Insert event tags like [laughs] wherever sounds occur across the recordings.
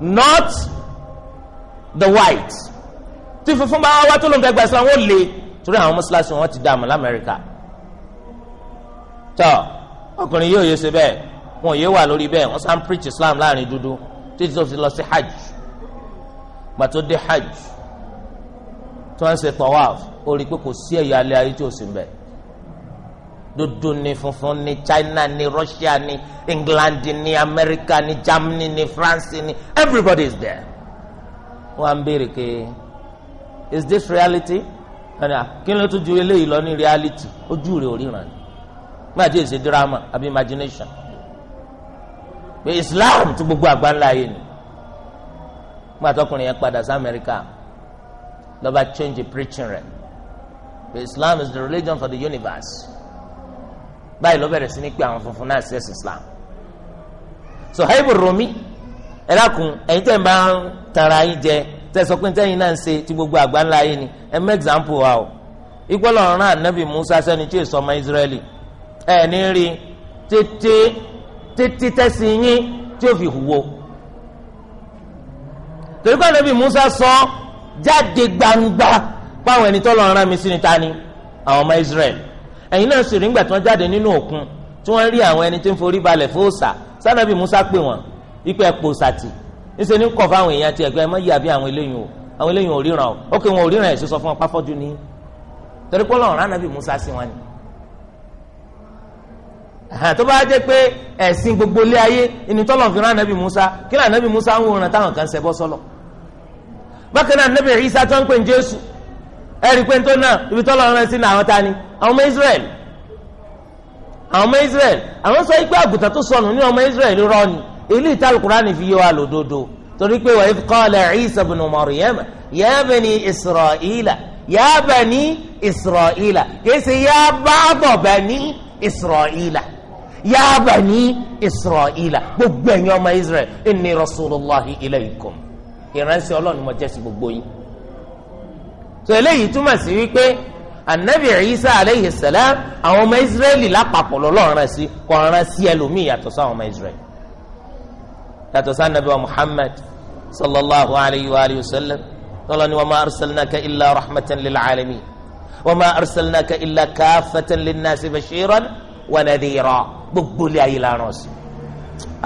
not the white tí funfun bá wá tó ló ń fẹ́ gba Islam wọ́n lè torí àwọn mọ́ṣáláṣí wọn ti dààmú lamẹ́ríkà tọ́ ọkùnrin yóò yé bẹ́ẹ̀ wọn yé wà lórí bẹ́ẹ̀ wọ́n sá ń preach Islam láàrin dúdú títí tó fi lọ sí hajj gbà tó dé hajj tí wọ́n ń ṣe tawaf ó rí i pé kò sí ẹ̀yà alẹ́ ayé tí ò sí bẹ́ẹ̀ dúdú ni funfun ni China ni Russia ni England ni America ni Germany ni France ni everybody is there. wọ́n á ń béèrè pé is this reality? Ah, kí ló tún ju eléyìí lọ ní reality ojú rẹ̀ òríran ni nígbà tí èsì drama àbí imagination pé Islam tún gbogbo àgbáńlá yìí ni nígbà tọkùnrin yẹn padà sí America lọ́ba change the preaching rẹ̀ pé Islam is the religion for the universe báyìí ló bẹ̀rẹ̀ sí ní pé àwọn funfun náà ṣẹ̀ṣẹ̀ islam Suhaib Rumi ẹ lákun ẹ̀yin tẹ̀ ń bá tara yín jẹ tẹ̀ sọ pé tẹ̀yin náà ń ṣe ti gbogbo àgbá ńlá yín ni ẹ mú example wa o ìgbọ́lọ̀ ọ̀ràn ànábì Musa sẹ́ni tí èso ọmọ Israẹli ẹ̀ ní rí tètè tètè tẹ̀sí yín tí ó fi hùwò torí pé ànábì Musa sọ jáde gbangba páwọn ẹni tọ́lọ̀ ọ̀ràn mi sí ni ta ni àwọn ọmọ Israẹli ẹ̀yin náà sì rí ńgbà tí wọ́n jáde nínú òkun tí wọ́n rí àwọn ẹni tí ń forí balẹ̀ fóòsà sanabi musa pè wọn ipe ẹ̀pọ̀ sàtì ńṣe ní kọ̀ fáwọn èèyàn ti ẹ̀gbẹ́ ẹ má yí àbí àwọn eléyìí o àwọn eléyìí ò ríran o ó kí wọn ò ríran ẹ̀ sísọ fún wọn páfọ́jú ní torí pé ọlọ́run anabi musa sí wọn ni. tó bá jẹ́ pé ẹ̀sìn gbogbo ilé ayé ìnitọ́lọ̀ fi rán anabi musa kí ni anabi musa ń wòran táwọn kan ṣẹbọ sọlọ bákan náà anabi isa tó ń pè ní jésù ẹ̀rí pé tó náà ibi tó lọ́rùn rẹ̀ sí ní àwọn tani àwọn ọmọ Israel àwọn ọmọ Israel àwọn sọ pé àgùntàn tó sọnù ní ọmọ Israel rọ ni ilé ìtàlùkùránì fi yé wa lòdodo torí pé wa idh qala Isa ibn Maryam ya bani Isra'ila ya bani Isra'ila kìí ṣe ya ba'da bani Isra'ila ya bani gbogbo ẹ̀yin ọmọ Israel inni rasulullahi ilaykum ìránṣẹ́ Ọlọ́run mo jẹ́ gbogbo yín so eléyìí túmọ̀ sí wípé anabi isa aleyhi salam àwọn ọmọ israẹli lápapọ̀ lọ́lọ́run sí kò rán sí ẹlòmíì yàtọ̀ sí àwọn ọmọ israẹli yàtọ̀ sí anabi wa muhammad sallallahu alayhi wa alayhi wa sallam tọ́lá ni wa ma arsalnaka illa rahmatan lil alamin wa ma arsalnaka illa kaafatan lin nasi bashiran wa nadhira gbogbo ilé ayé la sí.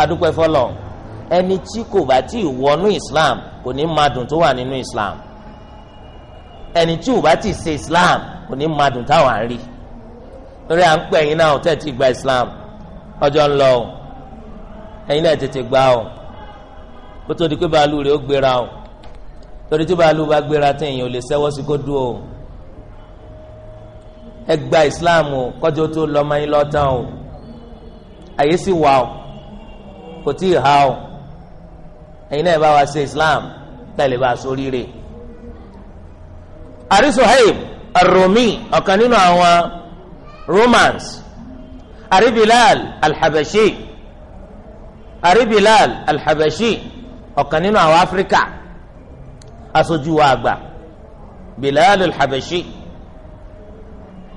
adúpẹ́ fọlọ́ ẹni tí kò bá tí wọnú islam kò ní máa dùn tó wà nínú islam ẹni tí ò bá ti ṣe islam kò ní máa dùn táwọn àárí lórí à ń pè ẹ̀yin náà tẹ̀ ti gba islam ọjọ́ ń lọ o ẹ̀yin náà tètè gbà o kó tó di pé bàálù rẹ̀ ó gbéra o torí tí bàálù bá gbéra tí èèyàn ò lè sẹ́wọ́ sí kó dúró o ẹ gba islam o kọjọ tó lọ́mọ yín lọ́tàn o àyè sì wà o kò tí ì ha o ẹ̀yin náà bá wa ṣe islam tẹ̀lé bá a sóríire. So àrí Suhaib arumi rumi ọ̀kan nínú àwọn Romans àrí Bilal Al-Habashi àrí Bilal Al-Habashi ọ̀kan nínú àwọn Áfíríkà aṣojú wa àgbà Bilal alhabashi habashi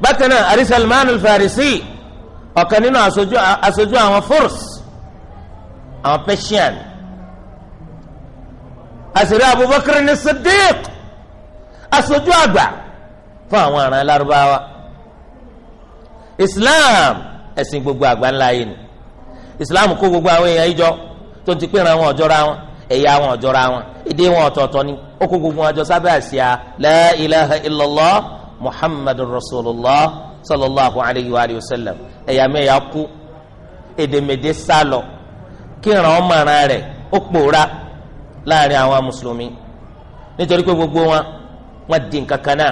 bákan náà àrí Salman alfarisi farisi ọ̀kan nínú aṣojú àwọn Furs àwọn Persian àṣírí Abubakar ní Siddiq. aṣojú àgbà fún àwọn àràn lárúbáwá islam ẹ̀sìn gbogbo àgbà ńlá yìí ni islam kó gbogbo àwọn èèyàn ìjọ tó ti pínra wọn ọ̀jọ́ra wọn ẹ̀yà wọn ọ̀jọ́ra wọn èdè wọn ọ̀tọ̀ọ̀tọ̀ ni ó kó gbogbo wọn jọ sábẹ́ àṣìá la ilaha illallah muhammadur rasulullah sallallahu alayhi wa sallam ẹ̀yà mẹ́yà kú èdèmẹ̀dẹ́ sálọ kíran ọmọ ara rẹ̀ ó pòórá láàrin àwọn mùsùlùmí nítorí pé gbogbo wọn wọn di nǹkan kan náà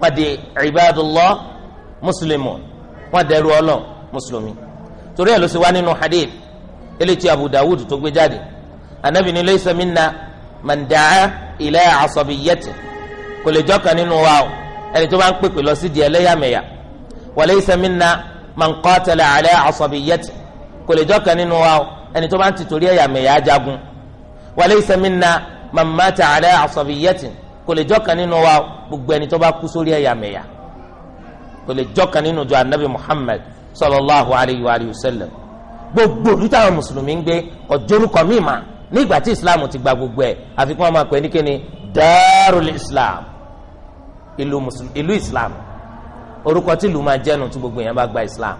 wọn di ibadullah muslimun wọn dẹrú ọlọ mùsùlùmí torí ẹ ló sì wá nínú hadith eléyìí abu dawud tó gbé jáde anabi ni laysa minna man da'a ila asabiyyati kò lè jọkàn nínú wa o ẹni tó bá ń pèpè lọ sí di ẹlẹ́yàmẹ̀yà wa laysa minna man qatala ala asabiyyati kò lè jọkàn nínú wa o ẹni tó bá ń tìtorí ẹ̀yàmẹ̀yà jagun wa laysa minna man mata ala asabiyyati kò lè jọ́kan nínú wa gbogbo ẹni tó bá kú sórí ẹ̀yàmẹ̀yà kò lè jọ́kan nínú jọ anabi muhammad sallallahu alayhi wa sallam gbogbo olùtàwọn mùsùlùmí ń gbé ọjọ́rùkọ mímà nígbà tí islam ti gba gbogbo ẹ̀ àfikún ọmọ akọ ẹnikẹ́ni darul islam ìlú islam orúkọ tí ìlú máa jẹ́nu tí gbogbo yẹn bá gba islam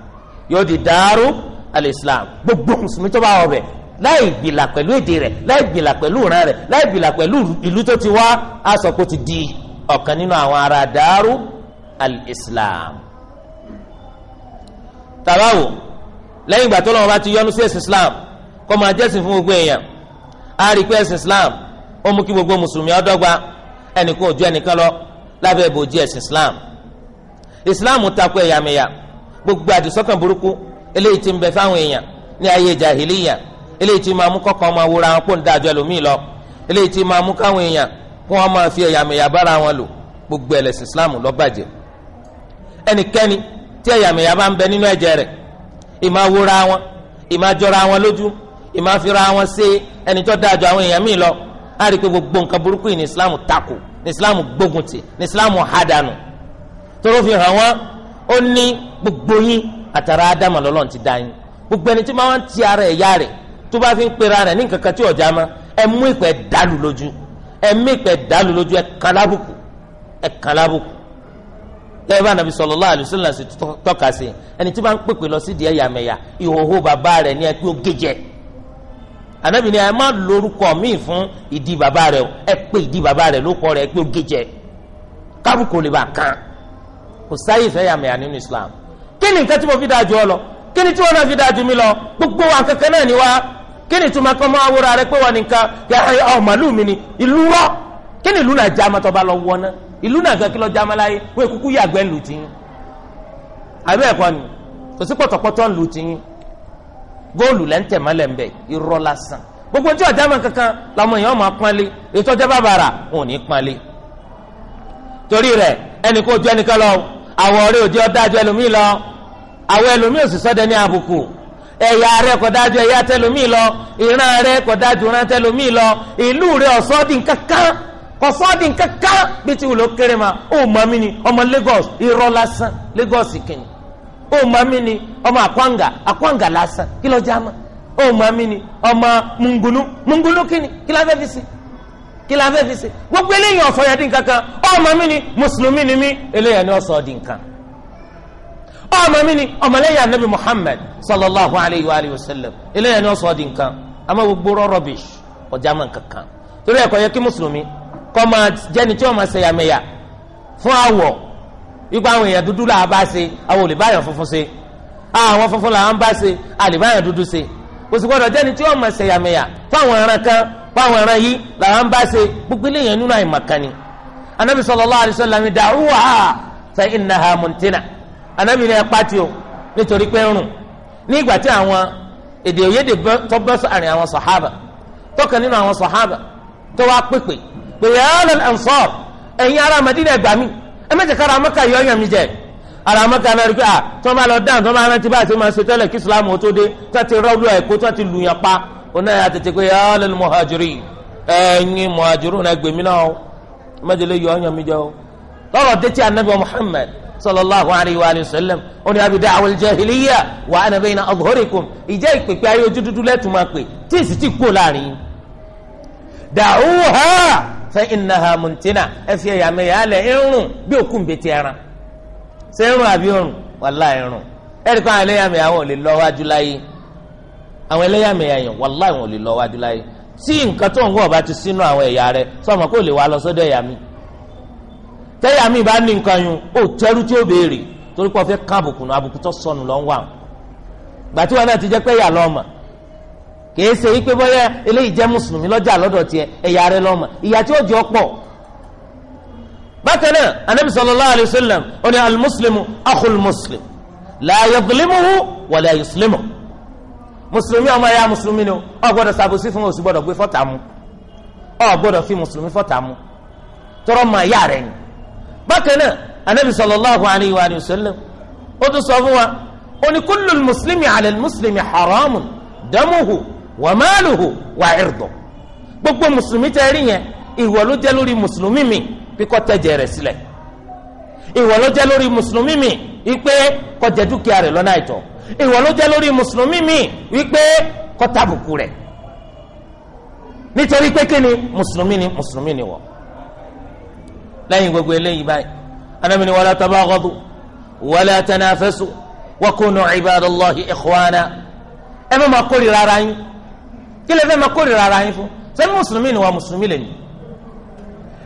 yóò di daru al islam gbogbo mùsùlùmí tó bá wọ̀ bẹ̀ láì bìlà pẹ̀lú èdè rẹ̀ láì bìlà pẹ̀lú ìran rẹ̀ láì bìlà pẹ̀lú ìlú tó ti wá aṣọ ti di ọ̀kan nínú àwọn ará dàrú al-islam. tàbáwò lẹ́yìn ìgbà tó lọ́wọ́ bá ti esi islam kó máa jẹ́sìn fún gbogbo èèyàn a rí i pé islam ó mú kí gbogbo mùsùlùmí ọ̀dọ́gba ẹnìkan oju ẹnìkan lọ lábẹ́ ìbòjì ẹ̀sìn islam islam gbogbo àdìsọ́kàn burúkú eléyìí ń bẹ fáwọn èèyàn ní ayé eléyìí tí máa mú kọ́kọ́ máa wúra wọn kó ń dájọ́ ẹlòmíì lọ eléyìí tí máa mú káwọn èèyàn kó wọn máa fi ẹ̀yàmẹ̀yà bára wọn lò gbogbo ẹlẹ́sìn islam ló bàjẹ́ ẹnikẹ́ni tí ẹ̀yàmẹ̀yà bá ń bẹ nínú ẹ̀jẹ̀ rẹ̀ ìmá wúra wọn ìmá jọra wọn lójú ìmá fira wọn ṣe ẹni tó dájọ́ àwọn èèyàn míì lọ á rí i pé gbogbo nǹkan burúkú yìí islam takò ní islam gbógun tì ní islam hadànù tóró fi hàn wọn ó ní gbogbo yín àtàrà ádámà lọ́lọ́run ti dá yín gbogbo ẹni tí máa ti ara ẹ̀yà rẹ̀ tó bá fi ń pera rẹ̀ ní nǹkan kan tí ọ̀já ma ẹ mú ìpẹ́ dàlù lójú ẹ mú ìpẹ́ dàlù lójú ẹ kàn lábùkù ẹ kàn lábùkù gẹ́gẹ́ bá nàbí sallallahu alaihi wasallam sì sí ẹni tí wọ́n ń pèpè lọ sídìí ẹ̀yàmẹ̀yà ìhòòhò bàbá rẹ̀ ní ẹ pé ó gèjẹ́ ànábì ni ẹ má lórúkọ míì fún ìdí bàbá rẹ̀ ẹ pé ìdí bàbá rẹ̀ lórúkọ rẹ̀ pé ó gèjẹ́ kábùkù lè bá kàn kò sáyè fẹ́ yàmẹ̀yà nínú Islam kí ni nǹkan tí mo fi dáa ju ọ lọ kí ni tí wọn náà fi dáa ju mi lọ gbogbo wa kankan náà ni wa kí ni ìtumọ̀ kọ́ máa wúra rẹ pé wọ́n nìkan ọ̀ màlúù mi ni ìlú rọ kí ìlú náà já ma tọ́ba lọ wọ́n náà ìlú náà gan kí lọ́ọ́ láyé wọ́n èkúkú yàgbẹ́ lù tìyín àbẹ́ ẹ̀kọ́ ni kò sí pọ̀tọ̀pọ̀tọ̀ lù góòlù mọ́lẹ̀ irọ́ lásán gbogbo tí ọ̀já ma kankan làwọn èèyàn máa ètò ọjọ́ wọn ò ní torí lọ àwọ̀ ọ̀rẹ́ ọ̀dá ẹlòmíì lọ àwọ̀ ẹlòmíì òsì sọ́dẹ ní ẹ̀yà rẹ kò dájú ẹ̀yà tẹlómìn lọ ìran rẹ kò dájú ìran tẹlómìn lọ ìlú rẹ ọ̀sọ́dìn kankan kọ̀sọ́dìn kankan bí ti wùlò kéré ma ó mọ mi ni ọmọ Lagos irọ́ lásán Lagos kìnnì ó mọ mi ni ọmọ Akwanga Akwanga lásán kí ló já ma ó mọ mi ni ọmọ Mungunu Mungunu kìnnì kí la fẹ́ fi si kí la fẹ́ fi si gbogbo eléyìí ọ̀sọ́dìn kankan ó mọ mi ni mùsùlùmí ni mí eléyìí ni ọ̀sọ́dìn kankan ọmọ mi ni ọmọlẹ́yìn anabi muhammed sallallahu alayhi wa alihi wa sallam eléyà ni wọ́n sọ ọ́ di nǹkan àmọ́ gbogbo rọ́bìṣ ọjà máa ń kankan torí ẹ̀kọ́ yẹ kí mùsùlùmí kọ́ máa jẹ́ni tí wọ́n máa ṣẹ̀yàmẹ̀yà fún àwọ̀ ipa àwọn èèyàn dúdú là á bá ṣe àwọn olè funfun ṣe àwọn funfun là á ń bá ṣe àlè dúdú ṣe kò sì gbọdọ̀ jẹ́ni tí wọ́n máa ṣẹ̀yàmẹ̀yà fáwọn ẹran kan fáwọn ẹran yìí là á ń bá ṣe gbogbo eléyàn nínú àìmọ̀kan ni anabi sallallahu alayhi wa sallam da'uha fa innaha muntina anabi ní ẹpá tí o nítorí pé ń rùn ní ìgbà tí àwọn èdè òyedè tó bẹ́ sàárín àwọn sàhábà tọkàn nínú àwọn sàhábà tó wá pèpè pé yàrá ansar ẹ̀yin ará Madina ẹgbà mi ẹ mẹ́tẹ̀ kára amaka yọ ọyàn mi jẹ ara amaka náà rí pé à ah, tí wọ́n bá lọ dáhùn tí wọ́n bá rántí bá àti máa ṣe tẹ́lẹ̀ kí Islam ó tó dé tí ti rọ́ọ̀lù ẹ̀kọ́ tí ti lùyàn pa oná yà sallallahu alayhi wa sallam ó ní abi da'wal jahiliya wa ana bayna adhhurikum ìjẹ́ ìpèpè ayé ojú dúdú lẹ́tù máa pè tí èsì ti kú láàrin da'uha fa innaha muntina ẹ fi ẹ̀yà mẹ́yà lẹ̀ irun bí òkú nbẹ̀tẹ̀ ẹran ṣé irun àbí irun wàláhì irun ẹ̀rí kan àwọn ẹlẹ́yàmẹ̀yà wọn ò lè lọ wájú láyé àwọn ẹlẹ́yàmẹ̀yà yẹn wàláhì wọn ò lè lọ wájú láyé tí nǹkan tó ń wọ̀ bá ti sínú àwọn ẹ̀yà rẹ sọ́mọ kó lè wá lọ sọ́dọ̀ ẹ̀yà mi tẹ́yà mi bá ní nǹkan yun ó tẹ́rú tí ó béèrè torí pé ọ̀fẹ́ ká àbùkù náà àbùkù tó sọnù lọ́n wà gbàtí wọn náà ti jẹ́ pé yà lọ́mọ kìí ṣe wípé bọ́yá eléyìí jẹ́ mùsùlùmí lọ́jà lọ́dọ̀ tiẹ̀ ẹ̀yà rẹ lọ́mọ ìyà tí ó jọ pọ̀ bákan náà anabi sallallahu alayhi wa sallam ó ní alimuslimu akhul muslim la yadhlimuhu wa la yuslimuhu bákan náà anabi sallallahu alayhi wa sallam ó tún sọ fún wa ó ní kullu muslimi ala muslimi haramun damuhu wa maaluhu wa irdo gbogbo mùsùlùmí tẹ rí yẹn ìwọ ló jẹ lórí mùsùlùmí mi bí kò tẹ̀jẹ̀ rẹ̀ sílẹ̀ ìwọ ló jẹ lórí mùsùlùmí mi wípé kó dúkìá rẹ̀ lọ́nà àìtọ́ ìwọ ló jẹ lórí mùsùlùmí mi wípé kó tàbùkù rẹ̀ nítorí pé kí ni mùsùlùmí ni mùsùlùmí ni wọ́n lẹ́yìn gbogbo eléyìí báyìí anamini wala tabaghadu wala tanafasu wakunu ibadallahi ikhwana ẹ má ma kórìíra ara yín kí lè fẹ́ ma kórìíra ara yín fún ṣé mùsùlùmí ni wà mùsùlùmí lè ní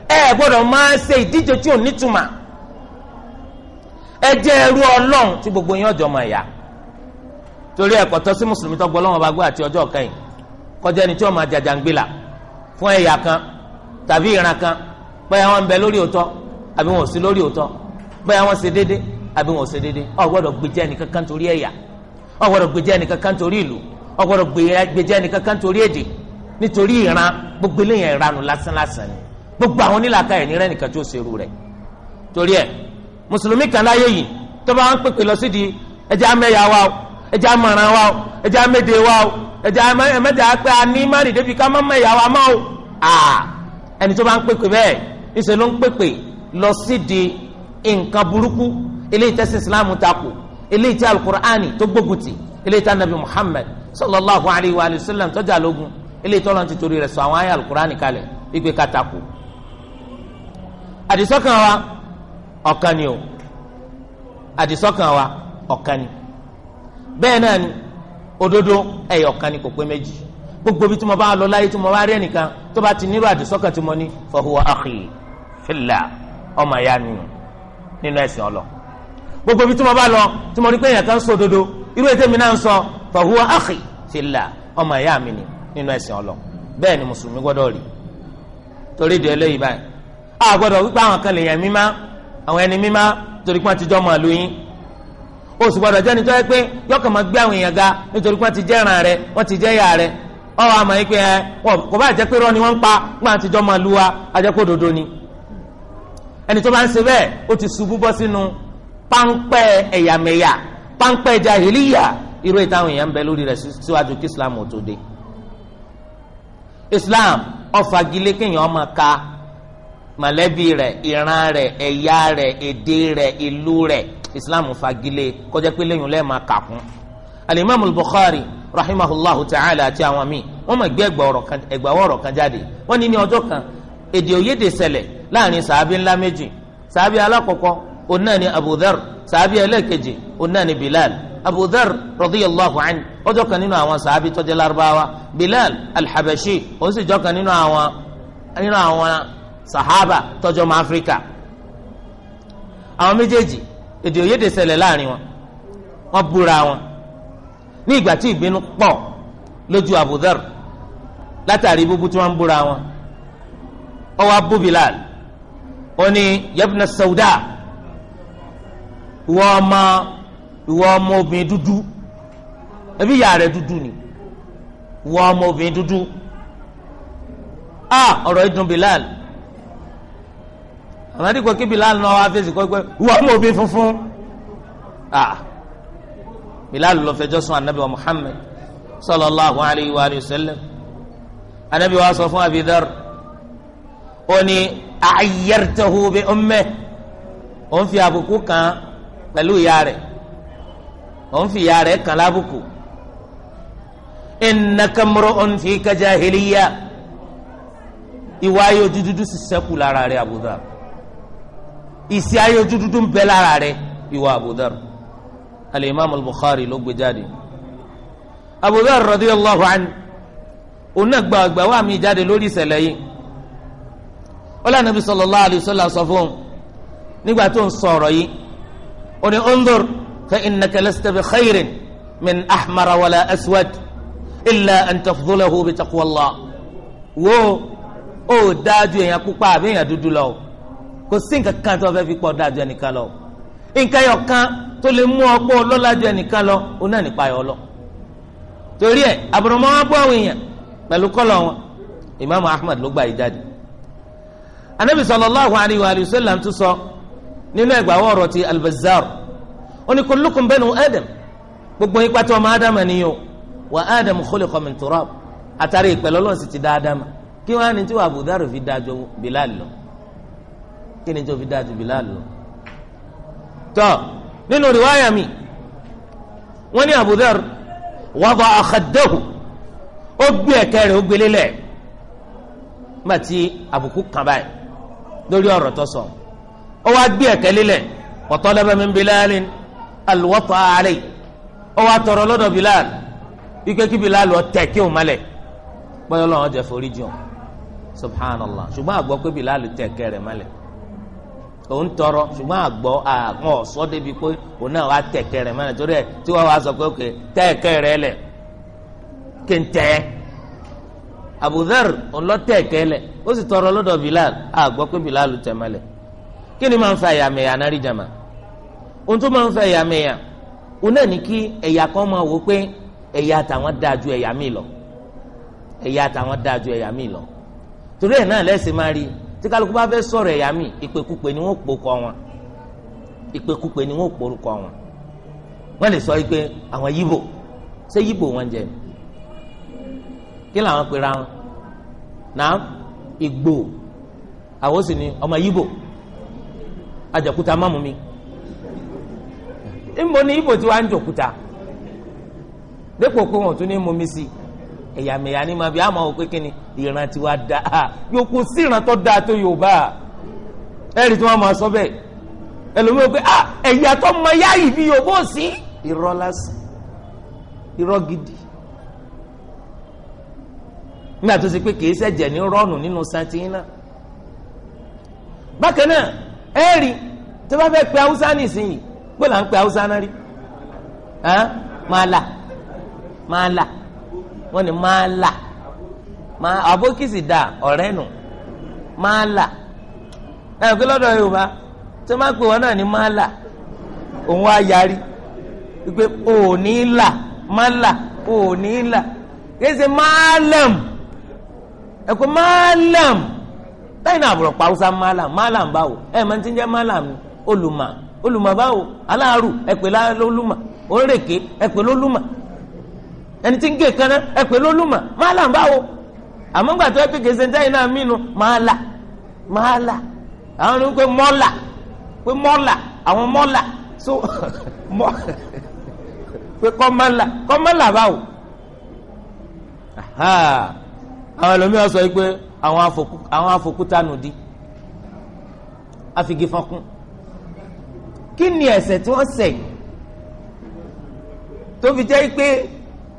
ẹ gbọ́dọ̀ máa ṣe ìdíje tí ò nítumọ̀ ẹ jẹ́ ẹrú ọlọ́run tí gbogbo yín ọjọ́ máa yá torí ẹ̀kọ́ tọ́ sí mùsùlùmí tó gbọ́ lọ́wọ́ bá gbé àti ọjọ́ kẹ́yìn kọjá ẹni tí wọ́n máa jàjàngbìlà fún ẹ̀yà kan tàbí ìran kan bóyá wọn ń bẹ lórí òótọ́ àbí wọn ò sí lórí òótọ́ bóyá wọn ṣe déédé àbí wọn ò ṣe déédé ọ gbọ́dọ̀ gbèjà ẹnìkan kan torí ẹ̀yà ọ gbọ́dọ̀ gbèjà ẹnìkan kan torí ìlú ọ gbọ́dọ̀ gbèjà ẹnìkan kan torí èdè nítorí ìran gbogbo eléyàn ìranu lásán lásán ni gbogbo àwọn onílàkà ẹ̀ nírẹ́ nìkan tó ṣerú rẹ̀ torí ẹ̀ mùsùlùmí kan láyé yìí tó bá ń pèpè lọ sí di ẹni tó bá ń pèpè bẹ́ẹ̀ ńṣe ló ń pèpè lọ sídìí nǹkan burúkú eléyìí tẹ́sí islam takò eléyìí tẹ́ alukur'ani tó gbógun tì eléyìí tẹ́ anabi muhammad sallallahu alayhi wa sallam tọ́jà lógun eléyìí tọ́lọ́ ti torí rẹ̀ sọ àwọn ayé alukur'ani kalẹ̀ igbe katako. àdìsọ́kàn wa ọ̀kan ni o àdìsọ́kàn wa ọ̀kan ni bẹ́ẹ̀ náà ni òdodo ẹ̀yọ̀ ọ̀kan ni kò pé méjì gbogbo bí tí mo bá lọ láyé tí mo bá rí ẹnìkan tó bá ti nírò àdìsọ́kàn tí mo ní fa huwa fillah ọmọ ìyá mi nù nínú ẹ̀sìn ọlọ gbogbo ibi tí mo bá lọ tí mo rí pé èèyàn kan sọ òdodo irú ètè mi náà ń sọ fa huwa akhi ọmọ ìyá mi nì nínú ẹ̀sìn ọlọ bẹ́ẹ̀ ni mùsùlùmí gbọ́dọ̀ rí torí ìdí ẹlẹ́yìí báyìí a gbọ́dọ̀ wípé àwọn kan lè yàn mímá àwọn ẹni mímá torí pé wọ́n ti jọ́ mọ̀ lóyún o sì gbọ́dọ̀ jẹ́ nítorí pé yọkàn máa gbé àwọn èèyàn ga nítorí pé wọ́n ti jẹ́ ìran rẹ wọ́n ti jẹ́ ìyá rẹ ọ̀rọ̀ àmọ́ yìí pé ẹ kò bá jẹ́ pé rọ́ ni wọ́n ń pa pé àwọn ti jọ́ mọ̀ lúwa ajẹ́kọ̀ọ́dodo ni ẹni tó bá ń ṣe bẹ́ẹ̀ ó ti ṣubú bọ́ sínú páńpẹ́ ẹ̀yàmẹ̀yà páńpẹ́ jahiliya irú ìtàwọn èèyàn ń bẹ lórí rẹ̀ síwájú kí islam ò tó dé islam ọ̀fagilé kéèyàn máa ka mọ̀lẹ́bí rẹ̀ ìran rẹ̀ ẹ̀yà rẹ̀ èdè rẹ̀ ìlú rẹ̀ islam fagilé kọjá pé lẹ́yìn lẹ́ẹ̀ máa kà kún alimami bukhari rahimahullahu ta'ala àti àwọn míì wọ́n mọ̀ gbé ẹgbàwọ̀rọ̀ kan jáde wọ́n ní ní ọjọ́ kan èdè òyédè ṣẹlẹ̀ láàrin sàábì ńlá méjì sàábì alákọ̀ọ́kọ́ òun náà ni Abu Dharr sàábì ẹlẹ́ẹ̀kejì òun náà ni Bilal Abu Dharr radiyallahu anhu ó jọ kan nínú àwọn sàábì tó jẹ́ Lárúbáwá Bilal al-Habashi òun sì jọ kan nínú àwọn nínú àwọn sahaba tó jẹ́ ọmọ Áfíríkà àwọn méjèèjì èdè òyédè ṣẹlẹ̀ láàrin wọn wọ́n búra wọn ní ìgbà tí ìbínú pọ̀ lójú Abu látàrí búbú tí wọ́n búra wọn ọwọ́ abu bilal ó ní yabna sauda ìwọ ọmọ ìwọ ọmọ obìnrin dúdú ẹbí ìyá rẹ dúdú ni ìwọ ọmọ obìnrin dúdú a ah, ọ̀rọ̀ yìí dùn bilal àmàdí kò kí bilal náà wá fèsì kó pé ìwọ ọmọ obìnrin funfun a ah, bilal lọ fẹjọ́ sùn anabi wa muhammed sallallahu alayhi wa sallam anabi wa sọ fún abidar ó ní ayyartahu bi ummih òun fi àbùkù kan pẹ̀lú ìyá rẹ̀ òun fi ìyá rẹ̀ kan lábùkù innaka mru'un fika jahiliya ìwà ayé ojú dúdú sì sẹ́kù lára rẹ̀ Abu Dhar ìsì ayé ojú dúdú ń bẹ lára rẹ̀ ìwà Abu Dhar al ló gbé jáde Abu Dhar radiyallahu anhu náà gba wà mí jáde lórí ìṣẹ̀lẹ̀ yìí ọlọ́run nàbí sallallahu alaihi wasallam sọ fún un nígbà tó ń sọ̀rọ̀ yìí ó ní undur fa innaka lasta bi khayrin min ahmara wala aswad illa an tafdulahu bi taqwallah wo ó dájú èèyàn pupa àbí èèyàn dúdú lọ kò sí nǹkan kan tó fẹ́ fi pọ̀ dájú ẹnìkan lọ nǹkan yọ kan tó lè mú ọ̀pọ̀ ọlọ́lá ẹnìkan lọ òun náà nípa ẹ̀ lọ torí ẹ̀ àbùrọ̀mọ́ wọn bọ́ àwọn èèyàn pẹ̀lú kọ́lọ̀ wọn Imam Ahmad ló gbà yìí jáde anabi sallallahu alayhi wa sallam tún sọ nínú ẹgbàá wọ̀rọ̀ ti albazar ó ní kullukum banu adam gbogbo yín pátá ọmọ ádámà ni o wà ádámù khuliqa min turab àtàrí ìpẹ̀lẹ́ ọlọ́run sì ti dá ádámà kí wọ́n á ní tí wọ́n àbùdárò fi dá ju bilal lọ kí ni tí wọ́n fi dá bilal lọ. tọ́ nínú rìwáyà mi wọ́n ní àbùdárò wada'a khaddahu ó gbé ẹ̀kẹ́ ó gbélé lẹ̀ nígbà àbùkù kàn lórí ọ̀rọ̀ tó sọ ó wá gbé ẹ̀kẹ́ lílẹ̀ watalaba min Bilalin al-wata'a alayhi ó wá tọrọ lọ́dọ̀ Bilal ike kí Bilal ó tẹ̀ kí òun malẹ̀ báyọ̀ lọ́wọ́ jẹ́ forí jùn subhanallah ṣùgbọ́n àgbọ̀ pé Bilal tẹ̀ kẹ́ rẹ̀ malẹ̀ òun tọrọ ṣùgbọ́n àgbọ̀ àgbọ̀ sọ débi pé òun náà wá tẹ̀ kẹ́ rẹ̀ malẹ̀ torí ẹ̀ tí wọ́n wá sọ pé òkè tẹ̀ kẹ́ rẹ̀ lẹ̀ kí n tẹ̀ ẹ́ abudar ọlọtẹẹkẹlẹ ó sì tọrọ lọ́dọ̀ bilal àgbọ pé bilal tẹmẹlẹ kí ni máa ń fa ẹ̀yàmẹ̀yà náírà jama ohun tó máa ń fa ẹ̀yàmẹ̀yà òun náà ní kí ẹ̀yà kan máa wò pé ẹ̀yà tàwọn dáa ju ẹ̀yà míì lọ ẹ̀yà tàwọn dáa ju ẹ̀yà míì lọ torí ẹ̀ náà lẹ́sìn máa rí tí kálukú bá fẹ́ sọ̀rọ̀ ẹ̀yà míì ìpèkúpè ni wọ́n pò kọ́ wọn ìpèkúpè ni wọ́n pò orúkọ wọn wọ́n lè sọ pé àwọn yíbò ṣé yíbò wọn jẹ ni kí làwọn pera wọn na igbo àwọn sì ni ọmọ yibo àjàkúta mámú mi níbo ni Yíbò ti wàá ń jòkúta dépò wọn tún ní mú mi sí ẹ̀yàmẹ̀yà ni màbí àmọ́ òpé kíni ìran tiwa da yòókù sí tó da tó Yorùbá tí máa sọ ẹlòmíràn pé ah, tó sí nígbà tó ṣe pé kìí ṣẹ̀jẹ̀ ní rọ́ọ̀nù nínú santin náà bákan náà ẹ rí tó bá fẹ́ pe haúsá nìsín pé là ń pe haúsá náà rí máa là máa là wọ́n ní máa là àbókìsì dà ọ̀rẹ́ nù máa là ẹ̀ pé lọ́dọ̀ yorùbá tó máa pe wọn náà ní máa là òun á yarí pé òní là máa là òní là kí ẹ ṣe máa lẹ̀mù ẹ kó máàlám táyìn náà àbúrò pàrọsà máàlám máàlám báwo ẹ máa ti ń jẹ máàlám olùmọ̀ olùmọ̀ báwo aláàrù ẹ pè lólùmọ̀ orèrèké ẹ pè lólùmọ̀ ẹni tí ń gé kaná ẹ pè lólùmọ̀ máàlám báwo àmọ́ gbà tó ẹ pé kèsè táyìn náà mí nu máàlá máàlá àwọn ni wọ́n mọ́là pe mọ́là àwọn mọ́là so [laughs] mọ́ pe kọ́mọ́là kọ́mọ́là báwo àwọn ẹlòmíràn sọ pé àwọn afọkúta nùdí àfigi fọkún kí ni ẹ̀ṣẹ̀ tí wọ́n ṣẹ̀ tó fi jẹ́ pé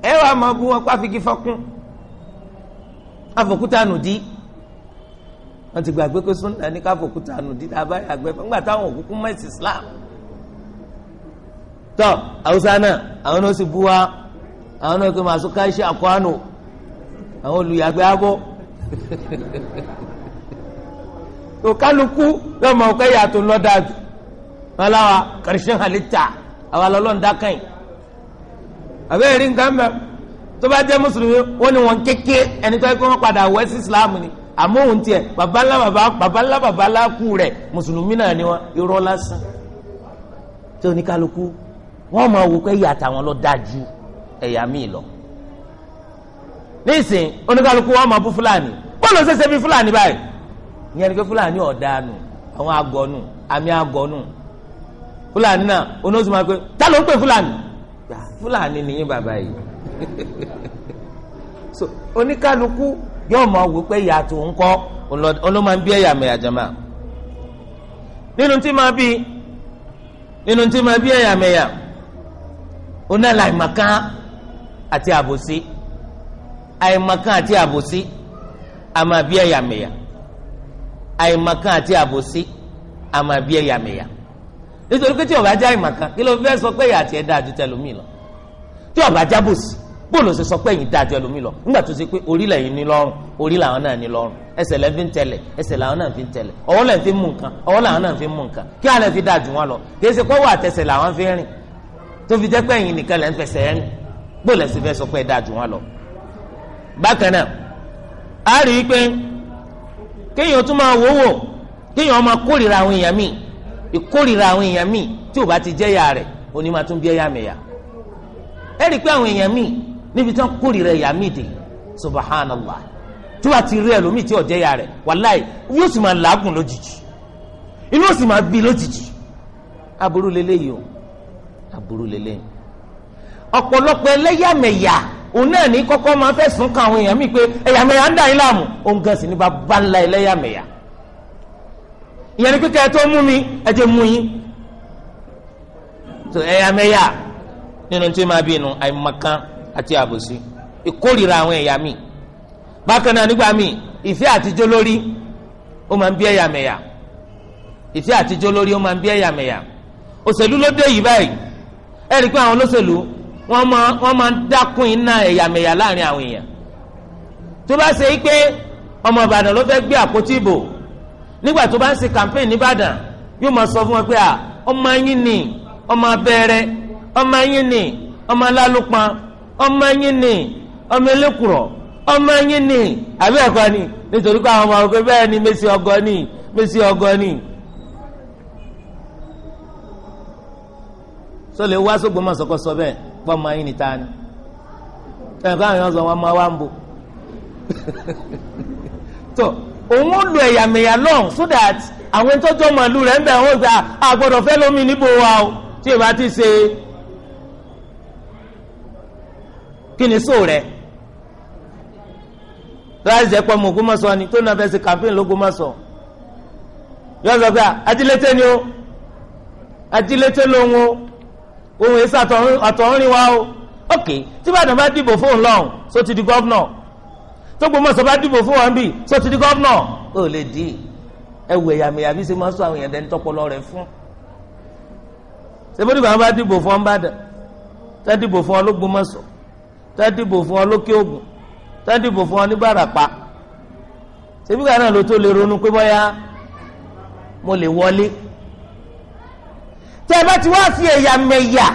ẹ wàá máa bú wọn pa àfigi fọkún afọkúta nùdí wọ́n ti gbàgbé pé sunna ní káfọkúta nùdí tàbá àgbẹ̀ fúngbà táwọn òkúkú mẹ́sì islam tọ́ haúsá náà àwọn náà sì bú wa àwọn náà kò máa sún káṣí àkọ́ánù àwọn olùyàgbẹ́ abọ́ tó kálukú yóò mọ̀ pé yàtọ̀ lọ́dàdù wọn láwa kìrìsìtẹ́nì halitta àwa lọ́lọ́ọ̀dá kan yìí àbẹ́rẹ́ rí nǹkan mẹ́ tó bá jẹ́ mùsùlùmí wọ́n ní wọn kéke ẹni tó yẹ kó wọ́n padà wẹ́ sí islam ni àmọ́ òun tiẹ̀ babalá babalá babalá kú rẹ̀ mùsùlùmí náà ni wọn irọ́ lásán tó ní wọ́n máa wò pé yàtọ̀ àwọn lọ́dàdù ẹ̀yà míì lọ nísìn oníkálukú wọn máa bú fúlàní bọ́ọ̀lù ṣẹṣẹ bí fúlàní báyìí ìyẹn ni pé fúlàní ọ̀daràn àwọn agọ̀nù àmì agọ̀nù fúlàní náà oníṣòwò máa pé ta ló ń pè fúlàní fúlàní nìyí bàbá yìí [laughs] so oníkálukú yóò máa wò pé ìyá tó ń kọ́ ọlọ́mọ ń bí ẹ̀yà mẹ́yà jama nínú tí máa bí nínú tí máa bí ẹ̀yà mẹ́yà onáàlà ìmọ̀kan àti àbòsí àìmọ̀kan àti àbòsí àmàbí ẹ̀yàmẹ̀yà àìmọ̀kan àti àbòsí àmàbí ẹ̀yàmẹ̀yà nítorí pé tí ó bá àìmọ̀kan kí ló fẹ́ sọ pé ìyá àti lọ tí ó bá jẹ́ àbòsí bóòlù ṣe sọ pé ẹ̀yin lọ nígbà tó ṣe pé orí lẹ́yìn ní lọ́rùn náà ní lọ́rùn ẹsẹ̀ lẹ́ fi ń tẹ̀lẹ̀ ẹsẹ̀ làwọn náà fi ń tẹ̀lẹ̀ ọwọ́ lẹ́ fi ń mú nǹkan ọwọ́ làwọn náà lọ pé nìkan lẹ́ ń bákan náà a rí i pé kéèyàn tún máa wòwò kéèyàn máa kórìíra àwọn èèyàn míì ìkórìíra àwọn èèyàn míì tí ò bá ti jẹ́yà rẹ̀ oní máa tún bí ẹ̀yà mẹ̀yà ẹ rí i pé àwọn èèyàn míì níbi tí wọ́n kórìíra ẹ̀yà míì dé subhanallah tí ti rí ẹlòmíì tí ò jẹ́yà rẹ̀ wàláì yóò sì máa làágùn lójijì inú ó sì máa bí lójijì aburú o aburú òun náà ní kọ́kọ́ máa fẹ́ sùn kan àwọn èèyàn mi pé ẹ̀yàmẹ̀yà ń dà yín láàmú òun gan sì ní bàbá ńlá ẹlẹ́yàmẹ̀yà ìyẹn ni kíkẹ́ tó mú mi ẹ ti mú yín tó ẹ̀yàmẹ̀yà nínú tí máa bí inú àìmọ̀kan àti àbòsí ìkórìíra àwọn ẹ̀yà mi bákan náà nígbà míì ìfẹ́ àtijọ́ lórí ó máa ń bí ẹ̀yàmẹ̀yà ìfẹ́ àtijọ́ lórí ó máa ń bí ẹ̀yàmẹ̀yà òṣèlú ló dé yìí báyìí ẹ̀rí pé àwọn olóṣèlú wọn ma wọ́n máa dákún iná ẹ̀yàmẹ̀yà láàrin àwọn èèyàn tó bá ṣe pé ọmọ ìbàdàn ló fẹ́ gbé àpótí ìbò nígbà tó bá ń ṣe campaign nìbàdàn yóò máa sọ fún wọn pé à ọmọ yín ni ọmọ abẹ́rẹ́ ọmọ yín ni ọmọ alálùpàá ọmọ yín ni ọmọ ọmọ yín ni ni nítorí pé àwọn ọmọ fọmọ yín níta ni ẹ báwọn yẹn wọn wá ń bò tó [laughs] òun lu lọ́n so that àwọn rẹ̀ ń bẹ̀ wọ́n gba àgbọ̀dọ̀ fẹ́ lómi níbo wa o tí ìbá ti ṣe kí ni sóò rẹ̀ láti jẹ́ pọ́ mọ̀ Ògbómọ̀ṣọ́ ni tó campaign sọ pé ni o òun èso àtọ̀húnrin wa o ok tí Ìbàdàn bá dìbò fóun lọ́hùn só ti di gọ́vnọ̀ tó Ògbómọ̀ṣọ́ bá dìbò fóun wọn bì só ti di gọ́vnọ̀ ó lè dì ẹ wù ẹ̀yàmẹ̀yà bí ṣe máa sọ àwọn èèyàn dẹni tọpọlọ rẹ fún sebódìbò àwọn bá dìbò fún ọ́n bàdàn tá dìbò fún ọ́n l'Ógbómọ̀ṣọ́ tá dìbò fún ọ́n lókè ògùn tá dìbò fún ọ́n ní Ìbàràpá ṣebí gánà ló tó lè ronú pé bọ́yá mo lè wọlé tẹ́ bá ti wá fi ẹ̀yà mẹ̀yà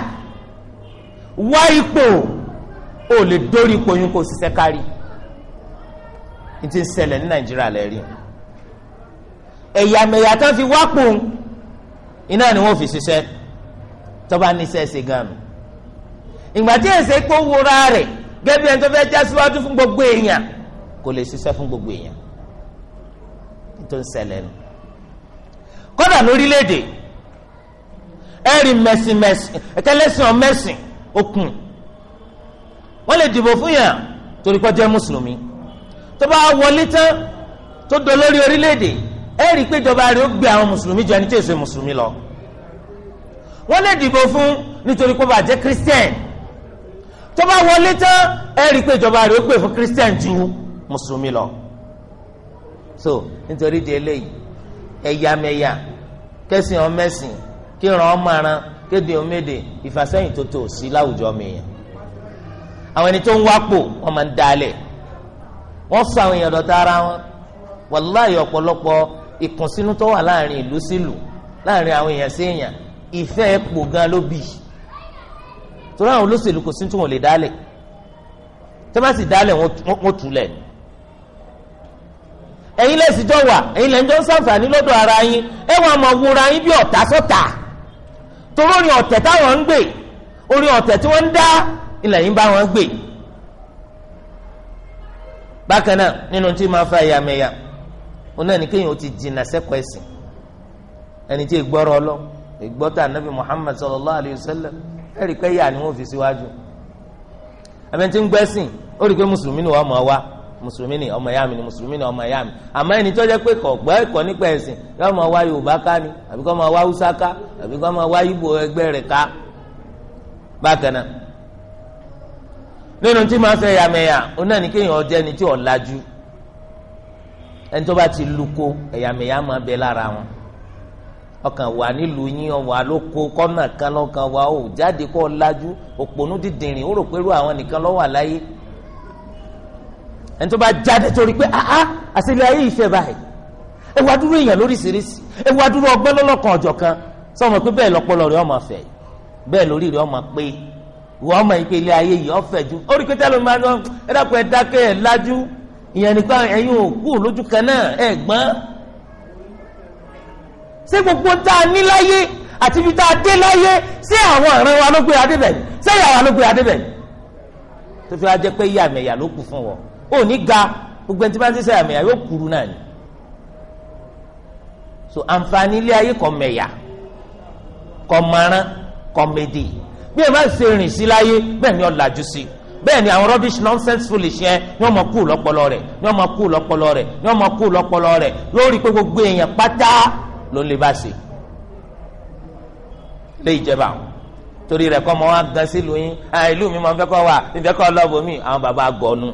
wá ipò ò lè dórí ipò yín kò ṣiṣẹ́ kárí ní ti ń ṣẹlẹ̀ ní nàìjíríà lẹ́rìí ẹ̀yà fi wá pò ni wọ́n fi ṣiṣẹ́ tọ́ba níṣẹ́ ṣe gan-an ìgbà tí èsè kó wúra rẹ̀ gẹ́gẹ́ ẹni tó fẹ́ já síwájú fún gbogbo èèyàn kò lè ṣiṣẹ́ fún gbogbo èèyàn tó ń ṣẹlẹ̀ nù ẹ̀rì mẹ̀sìn mẹ̀sìn ẹ̀kẹ́lẹ́sìn ọ̀mẹ́sìn okùn wọ́n lè dìbò fún yàn torí kó jẹ́ mùsùlùmí tó bá wọlé tán tó dolórí orílẹ̀-èdè ẹ̀rì péjọba rẹ̀ ó gbé àwọn mùsùlùmí jọ ẹni tí èso mùsùlùmí lọ wọ́n lè dìbò fún nítorí kó bá jẹ́ christian tó bá wọlé tán ẹ̀rì péjọba rẹ̀ ó gbé fún christian ju mùsùlùmí lọ so nítorí di eléyìí ẹ̀yàmẹ̀yà kẹ́sìn ọmẹ́sìn kí ràn án mọ̀ràn kéde oméde ìfàsẹ́yìn tó tó sí láwùjọ mìíràn àwọn ẹni tó ń wápò wọn máa ń wọ́n sọ àwọn èèyàn dọ̀tá ara wọn wàláyé ọ̀pọ̀lọpọ̀ ìkùnsínú tó wà láàrin ìlú sílùú láàrin àwọn èèyàn sí èèyàn ìfẹ́ epo gan ló bì torí àwọn olóṣèlú kò sí tí wọn lè sì ẹ̀yin lẹ́sìn jọ wà ẹ̀yin ara yín wúra yín bí ọ̀tá torí orin ọ̀tẹ̀ táwọn ń gbè orin ọ̀tẹ̀ tí wọ́n ń dá ilẹ̀ yìí ń bá wọn gbè. bákan náà nínú tí máa fa ẹ̀yàmẹ̀yà òun náà ní kéèyàn ó ti nabi Muhammad sallallahu alayhi wa sallam ẹ̀rí pé yà ni wọ́n fi síwájú ẹ̀mẹ́ntì ń gbẹ́sìn ó rí i pé mùsùlùmí ni wọ́n mùsùlùmí ni ọmọ ìyá mi ni mùsùlùmí ni ọmọ ìyá mi àmọ́ ẹni tó jẹ́ pé kò gbọ́ ẹ̀kọ́ nípa ẹ̀sìn yóò máa wá yorùbá ká ni àbí kó máa wá haúsá ká àbí kó máa wá ibo ẹgbẹ́ rẹ̀ ká bákan náà nínú tí máa fẹ́ yàmẹ̀yà òun náà ní kéèyàn jẹ́ ẹni tí ò lajú ẹni tó bá ti luko ẹ̀yàmẹ̀yà máa bẹ lára wọn ọkàn wà nílùú yín wà lóko kọ́nà kan lọ́kàn wà ó jáde kó lajú òpònú dídìrín ó rò pé irú àwọn nìkan ló wà ẹni tó bá jáde torí pé ah, ah àṣìlẹ̀ ayé ìfẹ́ báyìí ẹ wá dúró èèyàn lóríṣiríṣi ẹ wá dúró ọgbẹ́ lọ́lọ́kan ọ̀jọ̀ kan sọmọ pé bẹ́ẹ̀ lọ́pọlọ rẹ ọmọ fẹ́ bẹ́ẹ̀ lórí rẹ ọmọ pé ìwọ ọmọ yìí pé ilé ayé yìí ọ̀fẹ́ ju orí pé tẹ́lẹ̀ máa ń ẹ dákun ẹ dákẹ́ ẹ lájú ìyẹn nìkan ẹ̀yin òkú lójú kan náà ẹ gbọ́n ṣé gbogbo tá a ní láyé àti ibi tá a dé láyé ṣé àwọn ọ̀ràn wa ló gbé adébẹ̀yìn ṣé ìyàwó ló gbé adébẹ̀yìn tó fi wá jẹ́ pé ìyá ló kù fún wọn ò ní ga gbogbo ẹni tí bá ń ṣiṣẹ́ àmì yóò kúrú náà ni so àǹfààní ilé ayé kò mẹ̀yà kò mọ̀ràn kò mẹ̀dì bí ẹ bá ṣe rìn sí láyé bẹ́ẹ̀ ni ọ làjú sí i bẹ́ẹ̀ ni àwọn rubbish nonsense foolish yẹn ni wọ́n mọ kú lọ́pọlọ rẹ̀ ni wọ́n mọ kú lọ́pọlọ rẹ̀ ni wọ́n mọ kú lọ́pọlọ rẹ̀ lórí pé gbogbo èèyàn pátá ló lè bá ṣe lé ìjẹba torí rẹ̀ kọ́ mọ wọn gan sílùú yín ìlú mi mọ fẹ́ kọ́ wà ìfẹ́ kọ́ lọ́bù mi àwọn bàbá gọ̀ọ́nù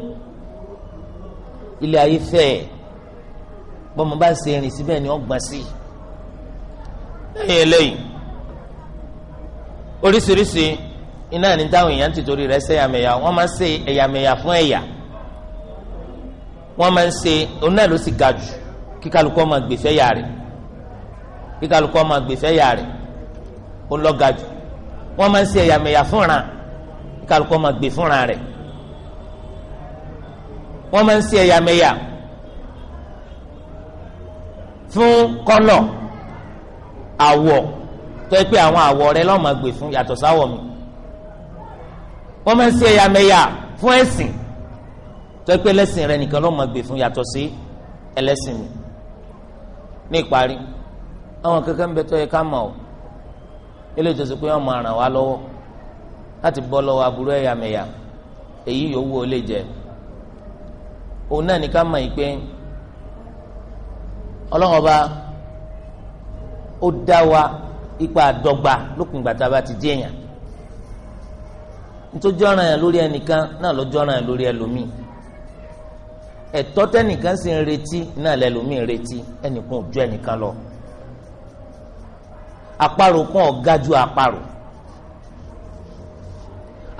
ilé ayé fẹ́ bọ́mọ bá ṣe rìn síbẹ̀ ni ó gbọ́n sí lẹ́yìn eléyìí oríṣiríṣi iná ní táwọn èèyàn ti torí rẹ̀ ṣe ẹ̀yàmẹ̀yà wọ́n máa ń ṣe ẹ̀yàmẹ̀yà fún ẹ̀yà wọ́n máa ń ṣe òun náà ló sì ga jù kíkálukọ́ máa gbèfẹ́ yà rẹ̀ kíkálukọ́ máa gbèfẹ́ yà rẹ̀ ó lọ́ga jù wọ́n máa ń ṣe ẹ̀yàmẹ̀yà fúnra kíkálukọ́ máa gbè fúnra rẹ̀ wọ́n máa ń ṣe ẹ̀yàmẹ̀yà fún kọ́nà àwọ̀ tó yẹ pé àwọn àwọ̀ rẹ lọ́ọ́ máa gbè fún yàtọ̀ sáwọ̀ mi wọ́n máa ń ṣe ẹ̀yàmẹ̀yà fún ẹ̀sìn tó yẹ pé ẹlẹ́sìn rẹ nìkan lọ́ọ́ máa gbè fún yàtọ̀ sí ẹlẹ́sìn mi ní ìparí àwọn kankan ń bẹ tó yẹ ká mọ̀ ọ́ eléyìí tó pé wọ́n máa ràn wá lọ́wọ́ láti bọ́ lọ́wọ́ aburú ẹ̀yàmẹ̀yà èyí yòówù lè jẹ́ òun náà ní ká mọ̀ yìí pé ọlọ́run ọba ó dá wa ipa àdọ́gba lókun gbàtà bá ti jẹ́yàn nítorí ọ̀ràn yẹn lórí ẹnìkan náà lọ́jọ́ ọ̀ràn yẹn lórí ẹlòmíì ẹ̀tọ́ tẹ́nìkan sì ń retí náà lẹ́lòmíì retí ẹnìkan ò ju ẹnìkan lọ àparò ọ̀gá ju àparò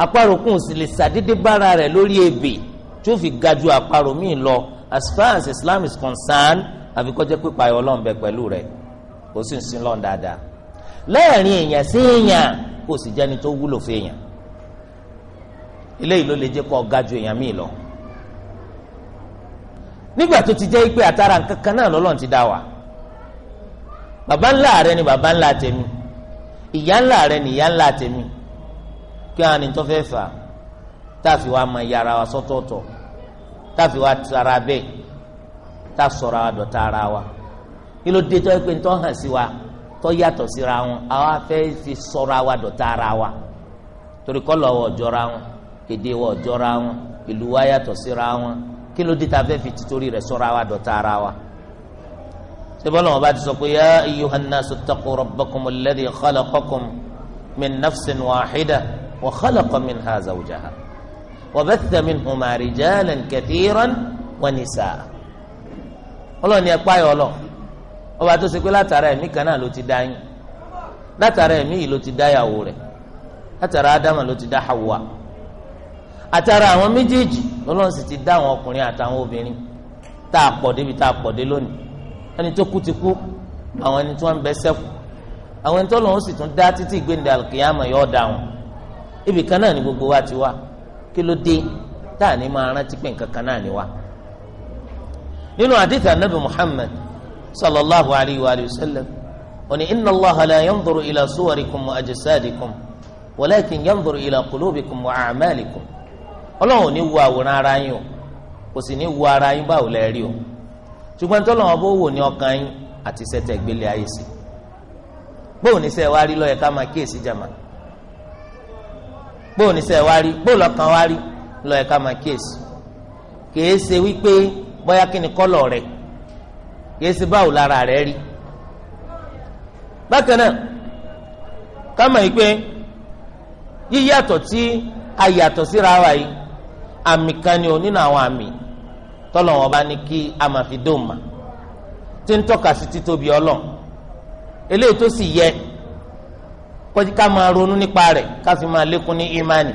àparò ò sì lè ṣàdédé bára rẹ̀ lórí ebè tí ó fi ga ju àparò míì lọ as far as Islam is concerned àfi kọjá pípa ayọ̀ ọlọ́run bẹ pẹ̀lú rẹ̀ kò sì ń sin lọ́n dáadáa lẹ́ẹ̀rin èèyàn sí èèyàn kò sì jẹ́ni tó wúlò fún èèyàn eléyìí ló lè jẹ́ kó ọ ga ju èèyàn míì lọ nígbà tó ti jẹ́ pé àtàrà kankan náà lọ́lọ́run ti dá wa bàbá ńlá rẹ ni bàbá ńlá tèmi ìyá ńlá rẹ ni ìyá ńlá tèmi kí wọn ni tó fẹ́ fà á táàfi wa máa yára wa sọ́tọ̀ọ̀tọ̀ táàfi wa tara bẹ́ẹ̀ tá a sọ̀rọ̀ àwọn dọ̀tá ara wa kí ló dé tó yẹ pé ntọ́ hàn sí wa tó yàtọ̀ síra wọn àwa fẹ́ fi sọ̀rọ̀ àwọn dọ̀tá ara wa torí kọ́ lọ́wọ́ ọ̀jọ́ra wọn kéde wọ ọ̀jọ́ra wọn ìlú wa yàtọ̀ síra wọn kí ló dé fi títorí rẹ̀ sọ̀rọ̀ àwọn dọ̀tá ara wa sibọlọ wọn bá ti sọ pé ya ayyuhannasu ttaqu rabbakum alladhi khalaqakum min nafsin wahida wa khalaqa minha zawjaha وبث منهما رجالا كثيرا ونساء ọlọ́run ni ẹ páyọ̀ ọlọ́ ọba tó ṣe pé látara ẹ̀mí kan náà ló ti dá yín látara ẹ̀mí yìí ló ti dá ìyàwó rẹ̀ látara ádámà ló ti dá hawa àtara àwọn méjèèjì ọlọ́run sì ti dá àwọn ọkùnrin àtàwọn obìnrin tá a pọ̀ débi tá a pọ̀ dé lónìí ẹni tó kú ti kú àwọn ẹni tí wọ́n ń bẹ sẹ́kù àwọn ẹni tó lọ́run sì tún dá títí ìgbéǹde àlùkìyàmọ̀ yóò dá wọn ibì náà ni gbogbo wa ti wá kí ló dé táà ní máa rántí pé nǹkan kan náà ni wa. nínú àdìsí anabi muhammad sallallahu alayhi wa sallam oní inna allaha la yanzuru ila suwarikum wa ajisadikum walakin yanzuru ila qulubikum wa a'malikum ọlọ́run ò ní wo àwòrán ara yín o kò sì ní wo ara yín báwo lẹ rí o ṣùgbọ́n tọ́lọ́wọ́n bó wò ní ọkàn yín àti sẹ́tẹ̀ gbélé ayé sí bóun ní sẹ́ wá rí lọ́yẹ̀ máa kíyèsí jàmáà bóun ní sẹ́ wá rí bóun lọ́kàn wá rí lọ ẹ̀ka máa kíyèsí kìí ṣe wípé bóyá kí ni kọ́lọ̀ rẹ̀ kìí ṣe báwo lára rẹ̀ rí bákan náà ká yìí pé yíyàtọ̀ tí a síra wa yìí àmì kan ni ò nínú àwọn àmì tọ́lọ̀ wọn bá ní kí a máa fi dóun mà tí ń tọ́ka sí títóbi ọlọ́run eléyìí tó sì yẹ. kọjú ká máa ronú nípa rẹ̀ ká fi máa lékún ní ìmánì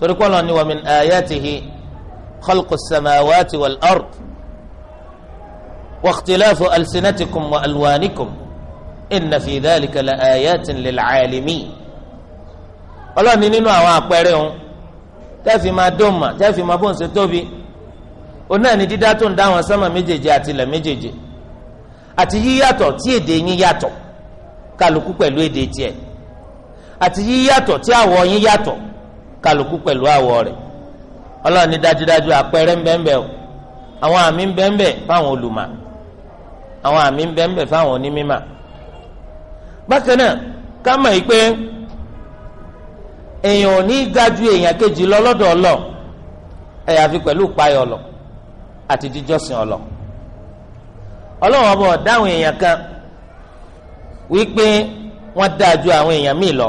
torí pé ọlọ́ni wa min ayatihi khalqu samawati wal ard wa ikhtilafu alsinatikum wa alwanikum inna fi dhalika la ayatin lil alamin ọlọ́ni nínú àwọn àpẹẹrẹ òun tẹ́ẹ̀fì máa dóun mà tẹ́ẹ̀fì máa bóun ṣe tóbi òun ni dídá tó ń dá àwọn sánmà méjèèje àti ilẹ̀ méjèèje àti yíyàtọ̀ tí èdè yín yàtọ̀ kálukú pẹ̀lú èdè tiẹ̀ àti yíyàtọ̀ tí àwọ̀ yín yàtọ̀ kálukú pẹ̀lú àwọ̀ rẹ̀ ọlọ́ọ̀ni dájúdájú àpẹẹrẹ ń bẹ́ẹ̀ bẹ́ẹ̀ o àwọn àmì ń bẹ́ẹ̀ bẹ́ẹ̀ fáwọn olùmọ̀ àwọn àmì ń bẹ́ẹ̀ bẹ́ẹ̀ fáwọn onímọ̀ bákan náà ká mọ̀ yìí pé èèyàn ò ní ga ju èèyàn kejì lọ lọ́dọ̀ ọlọ́ ẹ̀yàfi pẹ̀lú ìpayọ̀ ọlọ́ àti jíjọ́sìn ọlọ́ ọlọ́wọ́n bọ̀ dáhùn èèyàn kan wípé wọ́n dáa ju àwọn èèyàn míì lọ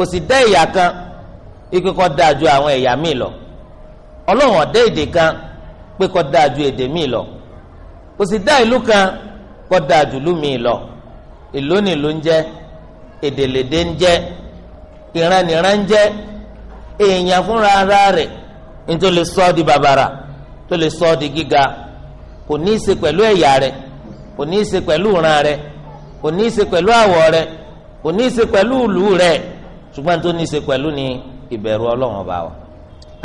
kò sì dá ẹ̀yà kan ikú kọ́ dáa ju àwọn ẹ̀yà míì lọ ọlọ́run ọ̀dá èdè kan pé kọ́ dáa ju èdè míì lọ kò sì dá ìlú kan kọ́ dáa ju ìlú míì lọ ìlú ni ìlú ń jẹ́ èdè lèdè ń jẹ́ ìran nìran ń jẹ́ èèyàn fúnra ara rẹ̀ nítorí lè sọ ọ́ di bàbàrà tó lè sọ ọ́ di gíga kò ní í ṣe pẹ̀lú ẹ̀yà rẹ̀ kò ní í ṣe pẹ̀lú ìran rẹ̀ kò ní í ṣe pẹ̀lú àwọ̀ rẹ̀ kò ní í ṣe pẹ̀lú ìlú rẹ̀ ṣùgbọ́n tó ní í ṣe pẹ̀lú ni ìbẹ̀rù ọlọ́run ọba wa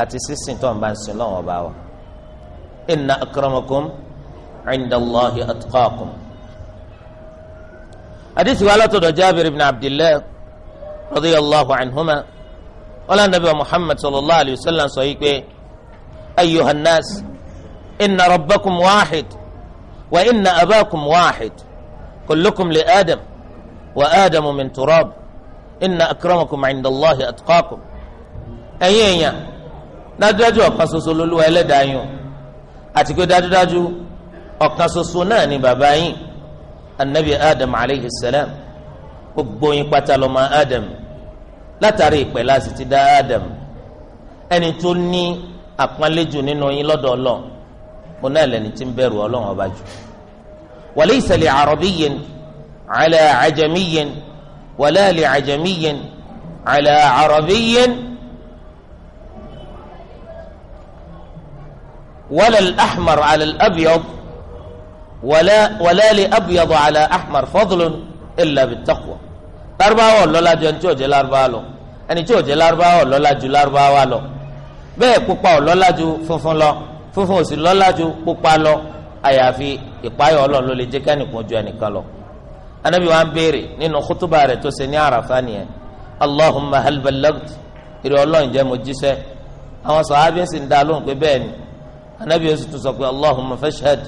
àti sísìn tó ń bá ń sin ọlọ́run ọba wa inna akramakum indallahi atqakum. àdìsí wa látọ̀dọ̀ jábìrì ibn abdillah radiyallahu anhuma wala nabi muhammad sallallahu alayhi wa sallam sọ yìí pé ayyuhannas inna rabbakum wáhid wa inna abakum wáhid kullukum li adam wa adamu min inna akramakum indallahi atqakum ẹ̀yin èèyàn dájúdájú ọ̀kan ṣoṣo lolúwa ẹlẹ́dàá yín o àti pé dájúdájú ọ̀kan ṣoṣo náà ni bàbá yín anabi adam aleyhi salam gbogbo yín pátá lọ́mọ adam látàrí ìpẹ́ láti ti dá adam ẹni tó ní àpọ́nlẹ́jù nínú yín lọ́dọ̀ ọlọ́run ó náà lẹ́ni tí ń bẹ̀rù ọlọ́run ọba jù walaysa li arabiyyin ala ajamiyyin. ولا لعجمي على عربي ولا الأحمر على الأبيض ولا ولا لأبيض على أحمر فضل إلا بالتقوى lárúbáwá lọ́lá ju ẹni tí ò jẹ́ lárúbáwá lọ ẹni tí ò jẹ́ lárúbáwá lọ́lá ju lárúbáwá lọ bẹ́ẹ̀ pupa ò lọ́lá ju funfun lọ funfun ò sì lọ́lá ju pupa lọ àyàfi ìpáyọ̀ ọlọ́run ló lè jẹ́ kẹ́nìkan ju ẹnìkan lọ anabi wa ń béèrè nínú kútúbà rẹ̀ tó ṣe ní àràfà nìyẹn allahumma hal balagt ìrẹ Ọlọ́run jẹ́ mo jíṣẹ́ àwọn sàhábí sì ń dá lóhùn pé bẹ́ẹ̀ ni anabi yóò sì tún sọ pé allahumma fashhad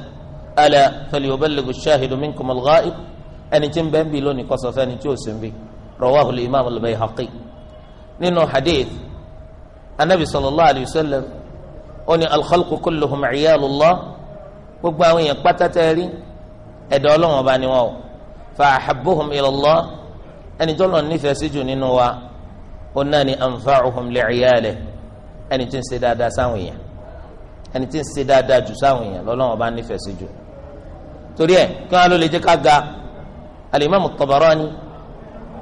ala falyuballighu ash-shahidu minkum al-ghaib ẹni tí ń bẹ́ẹ̀ ń bi lónìí kọ́sọ̀ fẹ́ni tí ó sì rawahu al-imam al-bayhaqi nínú hadith anabi sallallahu alayhi wa sallam ó ní al-khalqu kulluhum gbogbo àwọn èèyàn pátá tẹ́ẹ̀rí ẹ̀dọ́ Ọlọ́run ọba ni wọ́n o fa ahabbuhum ilallah ẹni tó lọ nífẹ̀ẹ́ sí jù nínú wa ó náà ní anfa'uhum li'iyalih ẹni tí ń ṣe dáadáa sáwọn èèyàn ẹni tí ń ṣe dáadáa jù sáwọn èèyàn lọ́lọ́wọ́n bá nífẹ̀ẹ́ sí jù torí ẹ kí wọn ló lè jẹ ká ga alimami Tabarani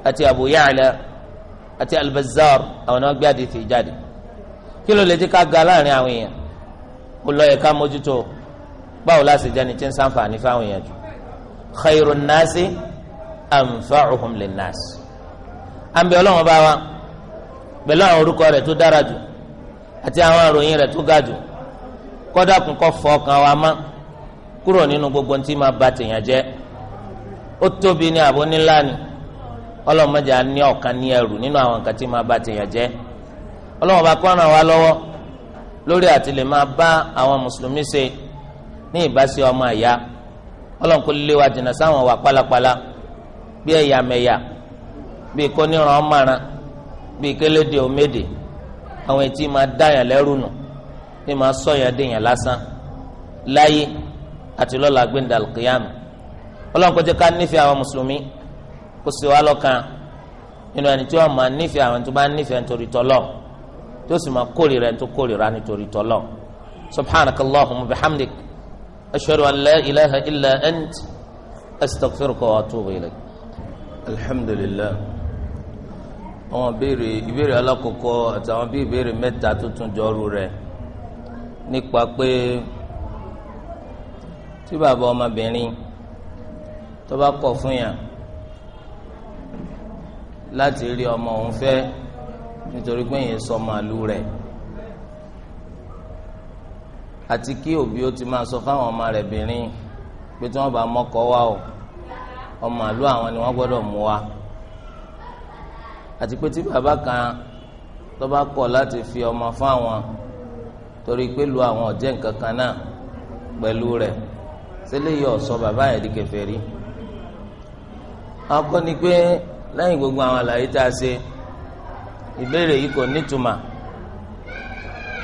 àti Abu Ya'la àti Al-Bazzar àwọn náà gbé àdìsí jáde kí ló lè jẹ ká ga láàrin àwọn èèyàn ó lọ yẹ ká mójútó báwo la ṣe jẹni tí ń ṣàǹfààní fáwọn èèyàn jù khayrun nasi anfa'uhum linnas àmì ọlọ́run bá wa pẹ̀lú àwọn orúkọ rẹ̀ tó dára àti àwọn àròyìn rẹ̀ tó ga jù kọ́dà ọkàn wa kúrò nínú gbogbo ntí o tóbi ní àbó ní ẹrù nínú àwọn nǹkan tí máa kọ́ lọ́wọ́ lórí àti lè máa ọlọ́run kò lè wa jìnnà sáwọn wà pálapàla bí ẹ̀yàmẹ̀yà bí kóníran ọmọràn bí kélédè omédè àwọn etí máa dáyàn lẹ́rù nù ní máa sọ̀yàn dèèyàn lásán láyé àti lọ́la gbẹ̀ndà kìyàmù ọlọ́run kò jẹ́ ká nífẹ̀ẹ́ àwọn mùsùlùmí kó sì wá lọ́kàn nínú ẹni tí wọ́n máa nífẹ̀ẹ́ àwọn tó bá nífẹ̀ẹ́ nítorí tọ́lọ́ tó sì máa kórìíra nítorí tọ́lọ́ subhanakallahumma bihamdik ashhadu an la ilaha illa ant astaghfiruka wa atubu ilayk. alhamdulillah àwọn béèrè ìbéèrè alákọ̀ọ́kọ́ àtàwọn bí ìbéèrè mẹ́ta tó tún jọrú rẹ̀ nípa pé tí bàbá ọmọbìnrin tó bá kọ̀ fún yàn láti rí ọmọ òun fẹ́ nítorí pé yẹn sọ màálù rẹ̀ àti kí òbí ó ti máa sọ fáwọn ọmọ rẹ̀ bìnrin pé tí wọ́n bá mọ́kọ wá o ọmọ àlú àwọn ni wọ́n gbọ́dọ̀ mú wa àti pé tí bàbá kan tó bá kọ̀ láti fi ọmọ fáwọn torí pé lu àwọn ọ̀jẹ́ nǹkan kan náà pẹ̀lú rẹ̀ sílẹ̀ yìí ọ̀sọ́ bàbá yẹn di kèfèrí akọ́ ni pé lẹ́yìn gbogbo àwọn àlàyé tá a ṣe ìbéèrè yìí kò nítumọ̀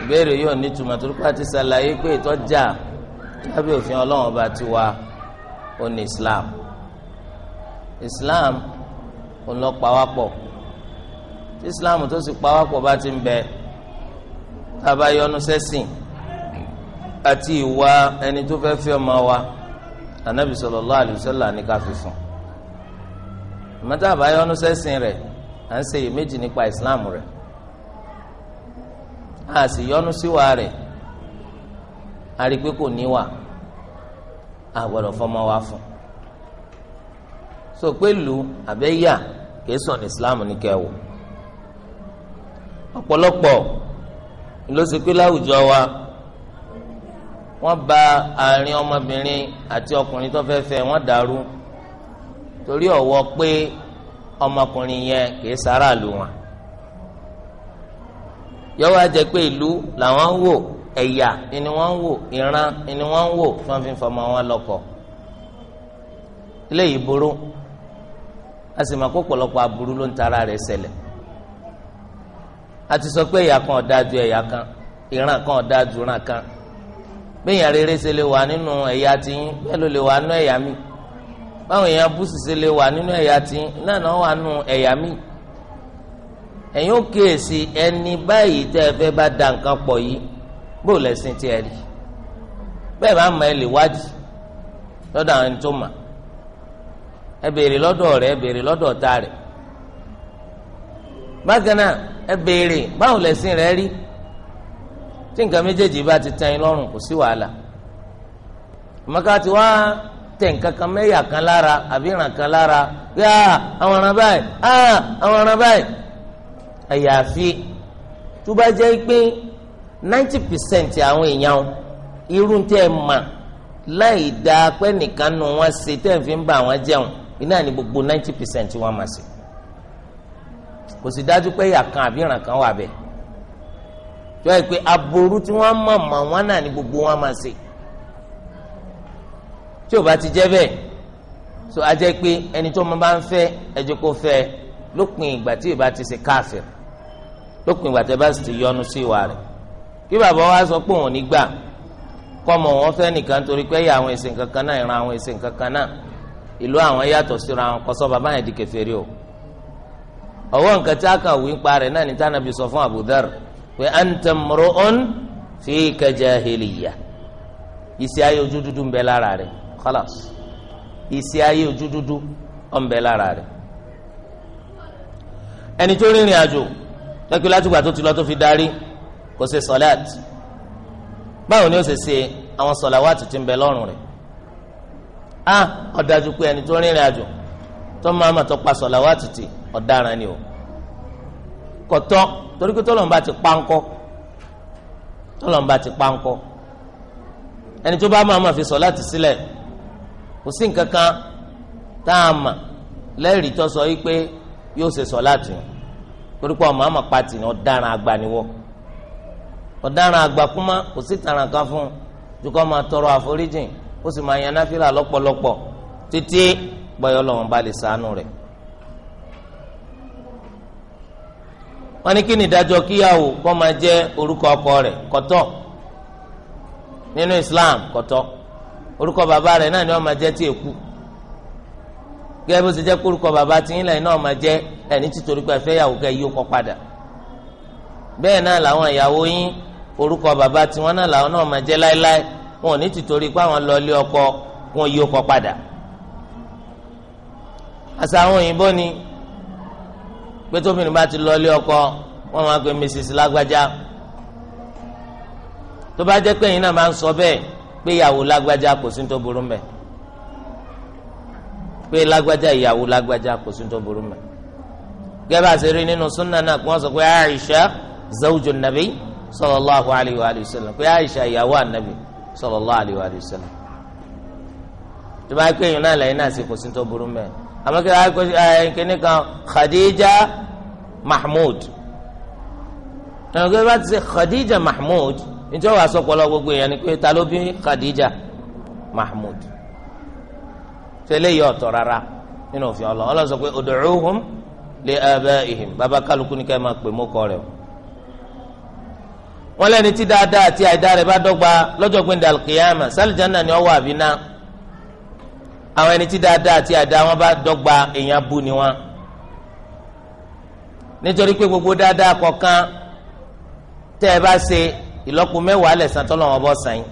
ìbéèrè yóò ní túmọ̀ torí pé àti ṣàlàyé pé ìtọ́jà lábẹ́ òfin ọlọ́run ọba ti wá ó ní islam islam ń lọ pawápọ̀ tí islam tó sì pawápọ̀ bá ti ń bẹ tá a bá yọnu sẹ́sìn àti ìwà ẹni tó fẹ́ fi ọmọ wa anabi sallallahu alaihi wasallam ní ká fi fún mọ́tà àbáyọ́nu sẹ́sìn rẹ̀ à ń ṣe iyèméjì nípa islam rẹ̀ a sì yọnu síwá rẹ̀ a rí i pé kò níwà a gbọ́dọ̀ fọmọ wa fún so pé lu àbẹ́yà kẹsàn Islam ní kẹwò ọ̀pọ̀lọpọ̀ ló ṣe pé láwùjọ wa wọ́n bà àárín ọmọbìnrin àti ọkùnrin tó fẹ́ fẹ́ wọ́n dàrú torí ọ̀wọ́ pé ọmọkùnrin yẹn kìí sára lu wọn yọwọ àjẹ pé ìlú làwọn ń wò ẹ̀yà ni wọ́n ń wò ìran ni wọ́n ń wò tí wọ́n fi ń fọmọ wọn lọ́kọ eléyìí burú a sì máa kó pọ̀lọpọ̀ aburú ló ń tara rẹ̀ ṣẹlẹ̀ a ti sọ pé ẹ̀yà kan ọ̀dà ju ẹ̀yà kan ìran kan ọ̀dà ju ìran kan bẹ́ẹ̀yàn rere ṣe lè wà nínú ẹ̀yà tiyín bẹ́ẹ̀ ló lè wà nínú ẹ̀yà mi báwọn èèyàn búùsì ṣe lè wà nínú ẹ̀yà tiyín náà náà wà nínú ẹ̀yà míì ẹ̀yin ó kíyèsí ẹni báyìí tẹ́ ẹ fẹ́ bá da nǹkan pọ̀ yìí bó lẹ́sìn tí ẹ rí bẹ́ẹ̀ ẹ lè lọ́dọ̀ àwọn ẹni tó mà ẹ béèrè lọ́dọ̀ rẹ ẹ béèrè lọ́dọ̀ ta rẹ. bákan náà ẹ béèrè báwo lẹ́sìn rí tí nǹkan méjèèjì bá ti tan in lọ́rùn kò sí wàhálà ti wá te nǹkan kan kan lára àbí kan lára pé ah, àwọn ọ̀ràn báyìí ah, àwọn ọ̀ràn àyàfi tó bá ninety percent àwọn èèyàn irú tẹ́ ẹ mà láì dá pẹ́ nìkan nu wọn ṣe tẹ́ ẹ fi ń bá wọn jẹun iná ni gbogbo ninety percent wọn mà sí kò sì dájú pé ìyà kan àbí ìràn kan wà bẹ́ẹ̀ tó yẹ pé aburú tí wọ́n mọ̀ mọ̀ wọn náà ni gbogbo wọn mà sí tí ò bá ti jẹ́ bẹ́ẹ̀ so a jẹ́ pé ẹni tó máa bá ń fẹ́ ẹjọ́ kó fẹ́ lópin ìgbà tí ìbá ti ṣe káfíìn lópin ìgbà tẹ́ bá sì ti yọnu sí ìwà rẹ̀ kí bàbá wa sọ pé òun ní gbà kọmọ wọn fẹ́ nìkan torí pé ẹ̀yà àwọn ẹ̀sìn kankan náà ìran àwọn ẹ̀sìn kankan náà ìlú àwọn yàtọ̀ síra àwọn kọsọ bàbá yẹn di kèfèrí o ọwọ́ nǹkan tí a kàn wí ń pa rẹ̀ náà ní tànàbí sọ fún Abu Dharr pé anta mru'un fika jahiliyya ìsì ayé ojú dúdú ń bẹ lára rẹ̀ khalas ìsì ayé ojú dúdú ń bẹ lára rẹ̀ ẹni tó rìnrìn àjò lọ́pẹ́ látìgbà tó ti lọ tó fi darí kò ṣe sọ́láàt báwo ni ó ṣe ṣe àwọn sọ̀làwátì tí ń bẹ lọ́rùn rẹ̀ a ọ̀dájú pé ẹni tó rìnrìn àjò tó máa ma tó pa sọ̀làwátì tì ọ̀daràn ni o kọ̀tọ́ torí pé tọ́lọ́mbà ti pa ńkọ́ tọ́lọ́mbà ti pa ńkọ́ ẹni tó bá máa ma fi sọ̀láàtì sílẹ̀ kò sí nǹkan kan tá a mà lẹ́rìí tó sọ yìí pé yóò ṣe sọ̀láàtì yẹn torí pé ọmọ àmà pati ni ọ̀daràn àgbà ni wọ́ ọ̀daràn agba kúmá kò sí tàràn kan fún un ju kó máa tọrọ àforíjìn ó sì máa yan náfìlà lọ́pọ̀lọpọ̀ títí bọ́yọ̀ lọ́wọ́n bá lè sànù rẹ̀. wọ́n ní kí ni ìdájọ́ kíyàwó kó máa jẹ́ orúkọ ọkọ rẹ̀ kọ́tọ́ nínú Islam kọ́tọ́ orúkọ bàbá rẹ̀ náà ni wọ́n máa jẹ́ tí èkú. gẹ́gẹ́ bó ṣe jẹ́ kórúkọ bàbá tí yín lẹ́yìn náà máa jẹ́ ẹni títorí pé ẹ̀fẹ́ yàwó kẹ́ yíyó kọ́ padà bẹ́ẹ̀ náà làwọn ìyàwó yín orúkọ bàbá tiwọn náà làwọn náà máa jẹ́ láéláé wọn ò ní tìtorí pé àwọn lọ ilé ọkọ wọn yí ọkọ padà àṣà àwọn òyìnbó ni pé tóbìnrin bá ti lọ ilé ọkọ wọn máa pe Mrs. lágbájá tó bá jẹ́ pé ẹ̀yin náà máa ń sọ bẹ́ẹ̀ pé ìyàwó lágbájá kò sí ní tó burú mbẹ́ẹ̀ pé lágbájá ìyàwó lágbájá kò sí tó burú mọ́ gẹ́gẹ́ bá ṣe rí nínú súnà náà kí wọ́n sọ pé Aisha zawjun nabi sallallahu alayhi wa sallam pé Aisha ìyàwó ànábì sallallahu alayhi wa sallam tó bá pé èèyàn náà lẹ́yìn náà sì kò sí tó burú mọ́ àmọ́ kí wọ́n kíní kan Khadija Mahmud náà gẹ́gẹ́ bá ti ṣe Khadija Mahmud nítorí wàá sọ pọ̀lọ́ gbogbo èèyàn ni pé ta ló bí Khadija Mahmud sẹ́lẹ̀ yìí ọ̀tọ̀ rárá nínú òfin ọlọ́ ọlọ́ sọ pé ud'uhum li aba'ihim bàbá kálukú ní ká máa pè mọ́kọ rẹ̀ wọn lẹ́ni tí dáadáa àti àìdá rẹ̀ bá dọ́gba lọ́jọ́ gbẹ̀ndẹ̀ alkiyama sálìjánà ni ọwọ́ àbí náà àwọn ẹni tí dáadáa àti àìdá wọn bá dọ́gba èèyàn bú ni wọn nítorí pé gbogbo dáadáa kọ̀ọ̀kan tẹ́ ẹ bá ṣe ìlọ́po mẹ́wàá lẹ̀san tọ́lọ́wọ́n bọ́ sàn yín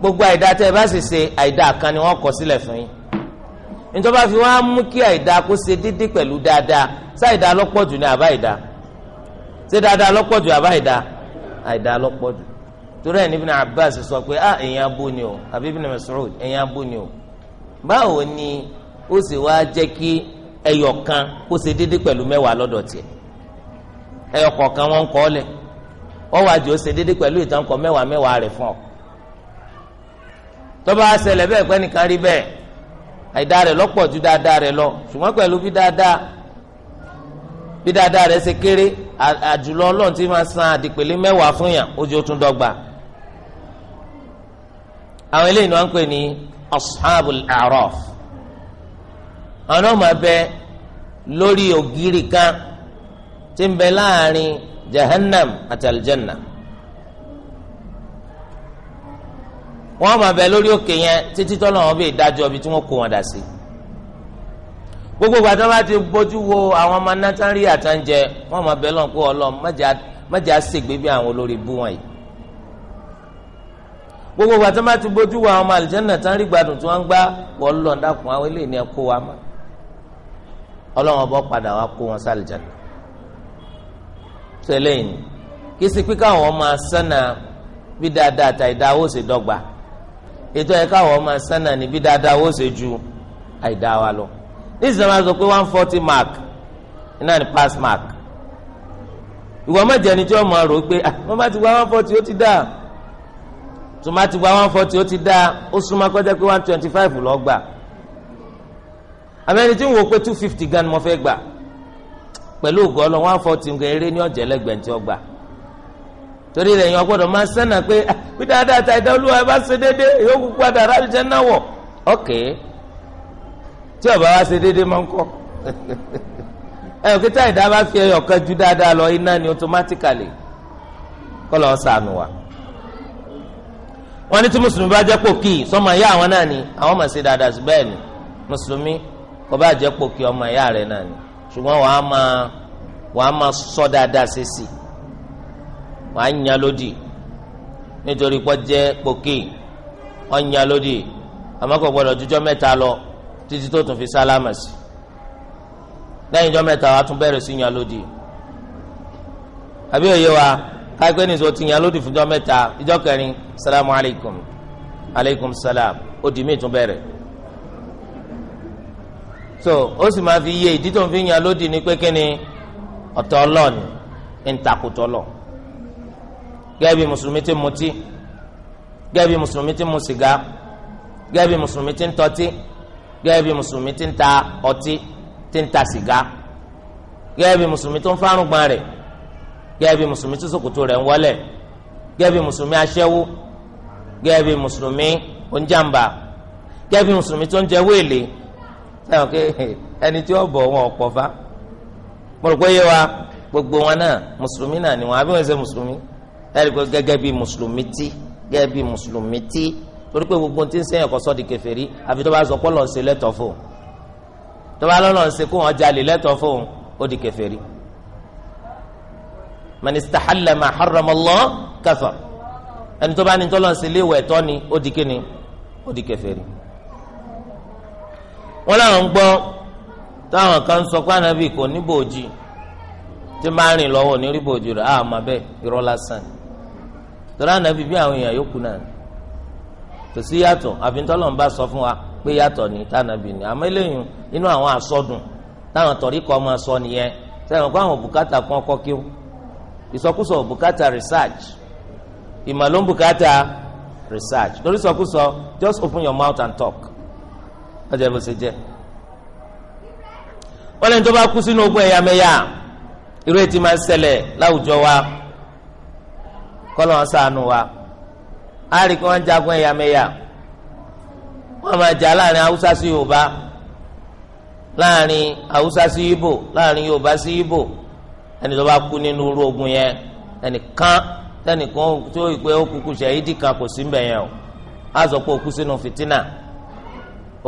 gbogbo àìdá tẹ́ ẹ bá sì ṣe àìdá kan ni wọ́n kọ sílẹ̀ fún yín nítorí bá fi wọ́n á mú kí àìdá kó ṣe dídí pẹ̀lú dáadáa sáìdá lọ́pọ̀jù ni àbá àìdá ṣé dáadáa lọ́pọ̀jù àbá àìdá àìdá lọ́pọ̀jù torí ẹ̀ ní Abbas sọ pé ah èèyàn abó ni o àbí Ibn Mas'ud èèyàn abó ni o báwo ni ó sì wá jẹ́ kí ẹyọ kan kó ṣe dídí pẹ̀lú mẹ́wàá lọ́dọ̀ tiẹ̀ ẹyọ kọ̀ọ̀kan wọn ń kọ́ lẹ̀ ọ wá jù ó ṣe dídí pẹ̀lú ìtàn kọ mẹ́wàá mẹ́wàá fún ọ tọ́ba ṣẹlẹ̀ bẹ́ẹ̀ pẹ́ nìkan rí bẹ́ẹ̀ àìdá rẹ̀ lọ́pọ̀ ju dáadáa rẹ̀ lọ ṣùgbọ́n pẹ̀lú bí dáadáa bí dáadáa rẹ̀ ṣe kéré àjùlọ ọlọ́run ti máa san àdìpèlé mẹ́wàá fún yàn ojú ó tún dọ́gba. àwọn eléyìí ni wọ́n ń pè ní ashabul araf àwọn náà bẹ lórí ògiri kan tí ń bẹ láàrin jahannam àti aljanna. wọ́n máa bẹ lórí òkè yẹn títí tọ́lọ́ wọn bẹ dájọ́ ibi tí wọ́n kó wọn dà sí. gbogbo ìgbà tí wọ́n bá ti bójú wo àwọn ọmọ nátàrí àtàǹjẹ wọ́n máa bẹ lọ́n pé ọlọ́run má jẹ́ àṣègbè bí àwọn olórí bú wọn yìí. gbogbo ìgbà bá ti bójú wo àwọn ọmọ àlùjànnà tán rí tí wọ́n ń gbá wọ́n lọ dákun àwọn eléyìí ni ẹ kó wa mọ́. ọlọ́run ọbọ̀ padà wá kó wọn sálìjànnà. sẹ́lẹ̀ yìí kí káwọn máa sánà bí dáadáa àtàìdáwó ṣe dọ́gba ètò ẹ̀ káwọn máa sánà níbi dáadáa ó ṣe ju àìdá wa lọ nísìnyí wọn sọ pé one forty mark iná ni pass mark ìwọ mẹjẹ ni tí wọn máa rò pé wọn ah, bá ti gba one forty ó ti dáa tó má ti gba one forty ó ti dáa ó súnmọ́ kọjá pé one twenty five lọ gbà àmẹ́ni tí ń wo pé two fifty gan ni mo fẹ́ gbà pẹ̀lú ògọ́ lọ one forty nǹkan eré ní ọ̀jẹ̀lẹ́gbẹ̀ntì ọgbà torí rẹ̀ yẹn ọgbọ́dọ̀ máa sẹ́nà pé bí ah, dáadáa ta ìdá olúwa ẹ bá ṣe déédéé yóò kú padà ráàlì jẹ́ náà wọ̀ ọ̀kẹ́ tí ọba wa ṣe déédéé máa ń kọ́ ẹ̀yọ̀ kí tá ìdá bá fi ẹyọ̀ kan ju dáadáa lọ iná ni automatically kọ́ lọ́ọ́ sànù wa wọ́n ní tí mùsùlùmí bá jẹ́ pòkì sọ́mọ ìyá àwọn náà ni àwọn máa ṣe dáadáa sí bẹ́ẹ̀ ni mùsùlùmí kò bá jẹ́ pòkì ọmọ ìyá rẹ̀ náà ni ṣùgbọ́n wàá máa wàá máa sọ dáadáa ṣe sí i wàá yan lódì nítorí pọ́ jẹ́ pòkì ọ̀ yan lódì àmọ́ kò gbọ́dọ̀ jújọ́ mẹ́ta lọ títí tó tún fi sálámà sí lẹ́yìn ìjọ́ mẹ́ta wàá tún bẹ̀rẹ̀ sí yan lódì àbí òye wa káyipẹ́ ní sọ ti yan lódì fúnjọ́ mẹ́ta ìjọ́ kẹrin salamu alaykum alaykum salam ó di míì tún bẹ̀rẹ̀ so ó sì máa fi yé ìdí tó ń fi yan lódì ní pé kíni ọ̀tọ̀ ọlọ́ọ̀ni ń takùtọ̀ ọlọ́ọ̀ gẹ́gẹ́ bí mùsùlùmí ti mutí gẹ́gẹ́ bí mùsùlùmí ti mu sìgá gẹ́gẹ́ bí mùsùlùmí ti tọ́tí gẹ́gẹ́ bí mùsùlùmí ti ta ọtí ti ta sìgá gẹ́gẹ́ bí mùsùlùmí tó ń fárùngbọ̀n rẹ̀ gẹ́gẹ́ bí mùsùlùmí tó ṣòkòtò rẹ̀ ń wọlẹ̀ gẹ́gẹ́ bí mùsùlùmí aṣẹ́wó gẹ́gẹ́ bí mùsùlùmí oúnjàmbá gẹ́gẹ́ bí mùsùlùmí tó ń jẹ wéèlé ẹni tí ó wọn ọ̀pọ̀ mo rò pé yé wa gbogbo wọn náà mùsùlùmí náà ni wọn àbí wọn ṣe mùsùlùmí ẹ̀rí pé gẹ́gẹ́ bí mùsùlùmí tí gẹ́gẹ́ bí mùsùlùmí tí torí pé gbogbo tí ń sẹ́yìn ọkọ̀ sọ́ọ́dì kèfèrí àfi tó bá sọ pé lọ́n ṣe lẹ́tọ̀ fún un tó bá lọ́n ṣe kó wọn jalè lẹ́tọ̀ fún un ó di kèfèrí. man istahalla ma harrama Allah kafar ẹni tó bá ní tó lọ́n ṣe léwọ̀ ẹ̀tọ́ ni ó di kíni ó di kèfèrí. wọ́n láwọn ń táwọn kan sọ pé ànábì kò ní bòójì tí máa rìn lọ́wọ́ ní rí bòójì rẹ̀ àmọ́ bẹ́ẹ̀ irọ́ lásán ni tọ́lá ànábì bí àwọn èèyàn yòókù náà kò sí yàtọ̀ àfi tọ́lọ̀ ń bá sọ fún wa pé yàtọ̀ ní tànàbì ni àmọ́ eléyìí inú àwọn àsọdùn táwọn tọ̀rí kọ́ máa sọ nìyẹn sẹ́wọ̀n kó àwọn bùkátà kan kọ́ kí ó ìsọkúsọ bùkátà research ìmọ̀ ló ń bùkátà research lórí ìsọkúsọ just open your mouth and talk ọjà bó ṣe jẹ́ wọ́n lẹ́ni tó bá kú sínú ogún ẹ̀yàmẹ̀yà irú máa ń ṣẹlẹ̀ láwùjọ wa. kọ́lọ́ sànù wa á rí i kí wọ́n jagun ẹ̀yàmẹ̀yà wọ́n máa jà láàrin haúsá sí yorùbá láàrin haúsá sí ibo láàrin yorùbá sí ibo ẹni tó bá kú nínú irú ogun yẹn ẹnìkan kan kò sí yẹn o á sọ pé òkú sínú fìtínà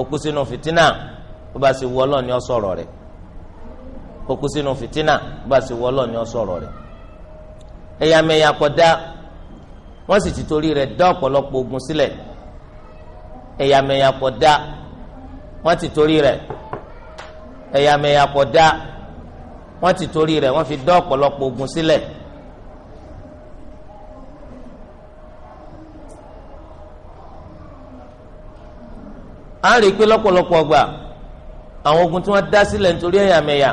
òkú sínú fìtínà tó bá sì ọ rẹ̀ òkú sínú fìtínà bá sì ọ rẹ̀ ẹ̀yàmẹ̀yà wọ́n sì ti torí rẹ̀ dá ọ̀pọ̀lọpọ̀ ogun sílẹ̀ ẹ̀yàmẹ̀yà pọ̀ dá wọ́n ti torí rẹ̀ ẹ̀yàmẹ̀yà pọ̀ dá wọ́n ti torí rẹ̀ wọ́n fi dá ọ̀pọ̀lọpọ̀ ogun sílẹ̀. a rí i pé lọ́pọ̀lọpọ̀ ọgbà àwọn ogun tí wọ́n dá sílẹ̀ nítorí ẹ̀yàmẹ̀yà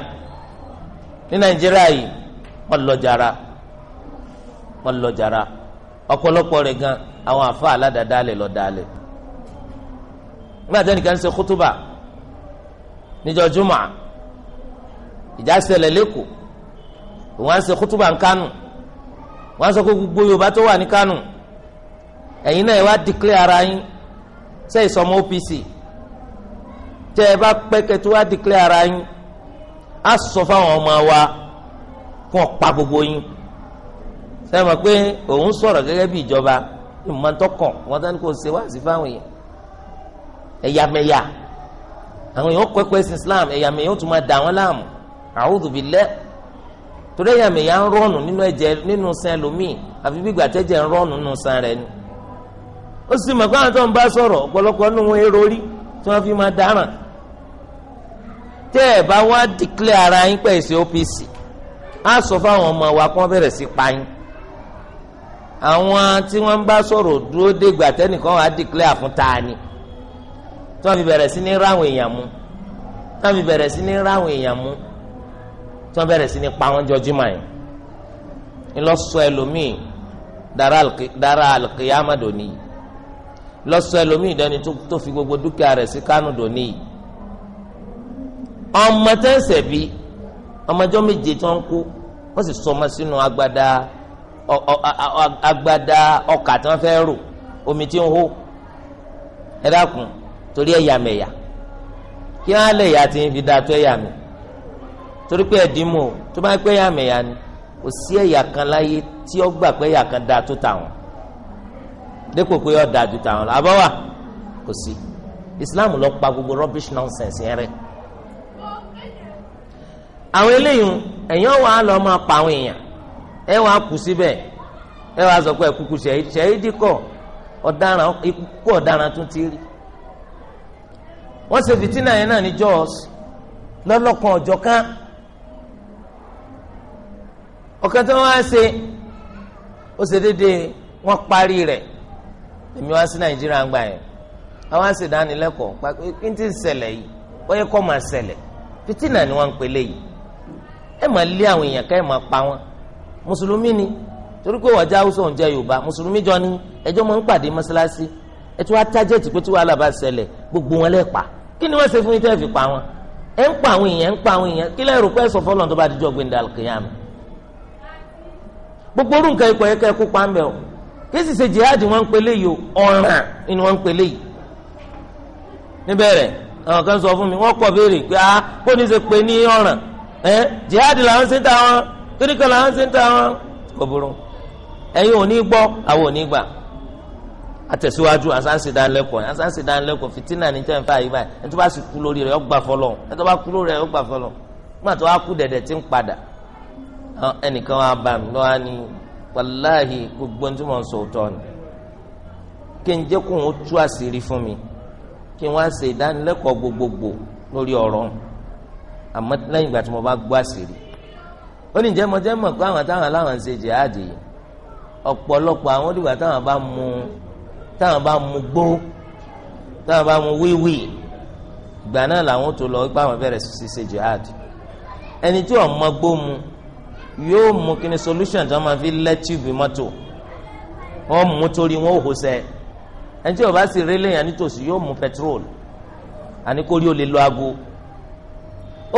ní nàìjíríà yìí wọ́n lọ jàrá wọ́n lọ jàrá ọ̀pọ̀lọpọ̀ rẹ̀ gan àwọn àfa aládàdálẹ̀ lọ dálẹ̀ nígbà tí ẹnìkan ṣe kútúbà níjọ́ jùmọ̀ ìjà ṣẹlẹ̀ lẹ́kọ̀ọ́ òun á ṣe kútúbà ń kánù wọ́n á sọ pé gbogbo yorùbá tó wà ní kánù ẹ̀yin náà ẹ wá dìklẹ́ ara yín ṣe ìsọmọ OPC tẹ́ ẹ bá pẹ́kẹ́ tó wá dìklẹ́ ara yín á sọ fáwọn ọmọ wa kó pa gbogbo yín sẹ́yìn ma pé òun sọ̀rọ̀ gẹ́gẹ́ bí ìjọba ìmọ̀ntọ́kàn wọn tán kò ṣe wá sí fáwọn èèyàn ẹ̀yàmẹ̀yà àwọn èèyàn kọ́kọ́ Islam ẹ̀yàmẹ̀yà ó tún máa dà wọ́n láàmú a'udhu torí ẹ̀yàmẹ̀yà ń rọ́ọ̀nù nínú ẹ̀jẹ̀ nínú àfi bí ń rọ́ọ̀nù nínú ni ó sì mọ̀ pé fi máa dáràn tẹ́ ẹ̀ bá wá ara yín OPC á sọ fáwọn ọmọ wa wọ́n bẹ̀rẹ̀ sí pa àwọn tí wọ́n bá sọ̀rọ̀ dúró dégbà tẹ́nìkan wàá dìklẹ́à fún taani tí wọ́n fi bẹ̀rẹ̀ sí ní ráwọn èèyàn mú tí wọ́n fi bẹ̀rẹ̀ sí ní ráwọn èèyàn mú tí wọ́n bẹ̀rẹ̀ sí ní pa wọ́n jọjú mọ́ ẹ̀ ńlọ́sọ ẹlòmíì dára àlùkìyàmà dòní lọ́sọ ẹlòmíì dání tó fi gbogbo dúkìá rẹ̀ sí kánú dòní ọmọ tẹ́sẹ̀ bí ọmọjọ́ méje tí wọ́n kú wọ́n sì sọ ọmọ sínú agbada agbada ọkà tí wọ́n fẹ́ rò omi tí ń hó ẹ dákun torí ẹ̀yàmẹ̀yà kí wọ́n á lè yà tí ń fi da tó ẹ̀yàmẹ̀ torí pé ẹ̀dínmù tó bá pẹ́ ẹ̀yàmẹ̀yà ni kò sí ẹ̀yà kan láyé tí ó gbà pé ẹ̀yà kan da tó tàwọn dépò pé ó da ju tàwọn lọ àbọ̀ kò sí Islam ló pa gbogbo rubbish nonsense yẹn rẹ̀ àwọn eléyìí ẹ̀yàn wà á lọ máa pa àwọn èèyàn ẹ wàá kú síbẹ̀ ẹ wàá sọ pé kúkú ṣẹ̀yìdì kọ̀ ọ̀daràn ikú wọ́n ṣe fìtínà yẹn náà ní Jos lọ́lọ́kan ọ̀jọ̀ kan ọ̀kan tí wọ́n wá ṣe ó ṣe déédéé wọ́n parí rẹ̀ èmi wá sí Nàìjíríà ń gbà yẹn àwọn àṣèdánilẹ́kọ̀ọ́ pàpẹ́ kí n ti ṣẹlẹ̀ yìí wọ́n yẹ kọ́ máa ṣẹlẹ̀ fìtínà ni wọ́n ń yìí máa lé àwọn èèyàn mùsùlùmí ni torí pé wàjà haúsá òun jẹ yorùbá mùsùlùmí jọ ni ẹjọ́ máa ń pàdé mọ́ṣáláṣí ẹ tí wàá tájẹ́tì pé tí wàhálà bá ṣẹlẹ̀ gbogbo wọn lẹ́ pa kí ni wọ́n ṣe fún yín tẹ́ fi pa wọn ẹ ń pa àwọn èèyàn ń pa àwọn èèyàn kí lẹ́ rò pé ẹ sọ fọlọ́n tó bá dijọ́ gbẹ̀ndà kìyàmù gbogbo orú nǹkan ikọ̀ yẹn kẹ́ kó pa o kí sì ṣe jihadi wọn ń pe léyìí o ọ̀ràn ni wọn ń pe léyìí níbẹ̀rẹ̀ àwọn kan sọ fún mi wọ́n kọ̀ béèrè pé ah kó ní ṣe pe ní ọ̀ràn ẹ jihadi làwọn ṣe ń ta wọn torí kan làwọn ṣe ń ta wọn kò burú ẹ̀yin ò ní gbọ́ àwọn ò ní gbà àtẹ̀síwájú àsáǹsì dánilẹ́kọ̀ọ́ àsáǹsì dánilẹ́kọ̀ọ́ fìtínà ní tẹ́ǹfà yìí báyìí ẹni tó bá sì kú lórí rẹ̀ ó gbà fọlọ́ ẹni tó bá kú lórí rẹ̀ ó gbà fọlọ́ nígbà tó wá kú dẹ̀dẹ̀ tí ń padà ẹnìkan wá bá mi lọ́wọ́ ni wàláhì gbogbo ní tí mo ń sọ òótọ́ ni kí n jẹ́ kóun ó tú àṣírí fún mi kí n wá ṣe ìdánilẹ́kọ̀ọ́ gbogbogbò lórí ọ̀rọ̀ àmọ́ lẹ́yìn ìgbà tí mo bá gbọ́ àṣírí ó ní jẹ́mọ̀jẹ́ mọ̀ pé àwọn táwọn aláwọn ń ṣe jihad yìí ọ̀pọ̀lọpọ̀ àwọn dìgbà táwọn bá mu táwọn bá mu gbó táwọn bá mu wíwì ìgbà náà làwọn tó lọ pé àwọn bẹ̀rẹ̀ sí ṣe jihad ẹni tí ò mọ gbó mu yóò mú kí solution tí wọ́n máa fi lẹ́ tíìbì mọ́tò wọ́n mú torí wọ́n ò hó sẹ́ẹ̀ ẹni tí o bá sì rí lẹ́yìn nítòsí yóò mú petrol àní kórí o lè lo aago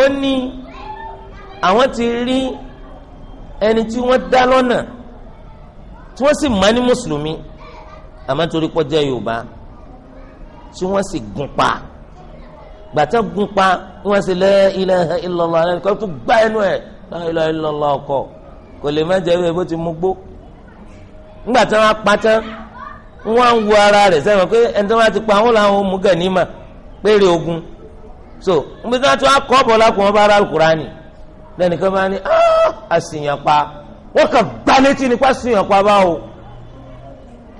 ó ní àwọn ti rí ẹni tí wọ́n dá lọ́nà tí wọ́n sì mọ̀ ní mùsùlùmí àmọ́ yorùbá tí wọ́n sì gun pa gbàtà gun pa wọ́n sì la ilé illallah ẹni tó gbá ẹnu ọkọ̀ kò lè má jẹ́ ewé ti mú gbó Ngbàtà ti pa làwọn mú péré ogun so ńgbà tí wọ́n lẹ́nìkan máa ní ah, àṣìyàn pa wọ́n kàn gbá létí nípa àṣìyàn pa báwo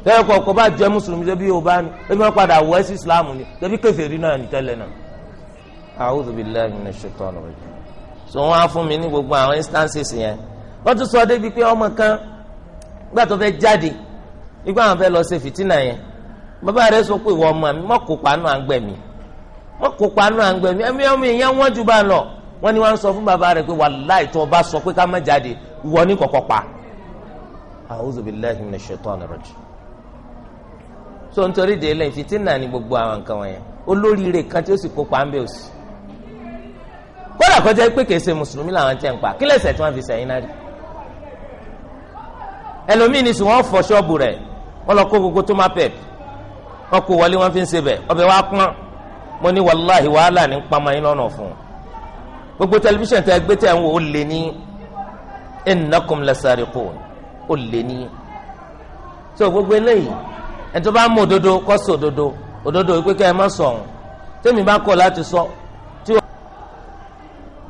lẹ́yìn kọ̀ọ̀kan bá jẹ́ mùsùlùmí débi yorùbá ni débi wọ́n padà wọ́ ẹ́sì islam ni débi kèfèrí náà ní tẹ́lẹ̀ náà. a'udhu billahi minash shaitani rajim. sọ wọn á fún mi ní gbogbo àwọn instances yẹn wọ́n tún sọ débi pé ọmọ kan gbà tó fẹ́ jáde igbá àwọn fẹ́ lọ ṣe fìtínà yẹn bàbá rẹ̀ sọ pé ìwọ ọmọ mi mọ̀ kópa nù àgbẹ̀ mi mọ̀ kópa nù ẹ̀mí ọmọ wọ́n ní wọ́n sọ fún bàbá rẹ̀ pé wàláì tó bá sọ pé ká má jáde ìwọ ní kọ̀kọ́ pa a'udhu billahi minash shaitanir rajim so nítorí délé fìtínà ni gbogbo àwọn nǹkan wọ̀nyẹn olóríire kan tí ó sì kópa ń bẹ òsì kódà kọjá pé kèsè mùsùlùmí làwọn tẹ̀ ń pa kí lẹ́sẹ̀ tí wọ́n fi sẹ́yìn náà rí ẹlòmíì ní sùn wọ́n fọ ṣọ́ọ̀bù rẹ̀ wọ́n lọ kó gbogbo tó máa pẹ̀ wọ́n kó wọlé wọ́n fi ń ṣe bẹ̀ ọbẹ̀ wá pọ́n mo ní wàláhì wàhálà ní pamọ́ yín lọ́nà fún un gbogbo tẹlifíṣàn tẹ gbé tẹ ń wò ó lé ní innakum lasariqun ó lé ní. so gbogbo eléyìí ẹni tó bá mú òdodo kọ́ sí òdodo òdodo wípé kẹ́ ẹ má sọ ọ̀hún tẹ́mi bá kọ̀ láti sọ tí ó.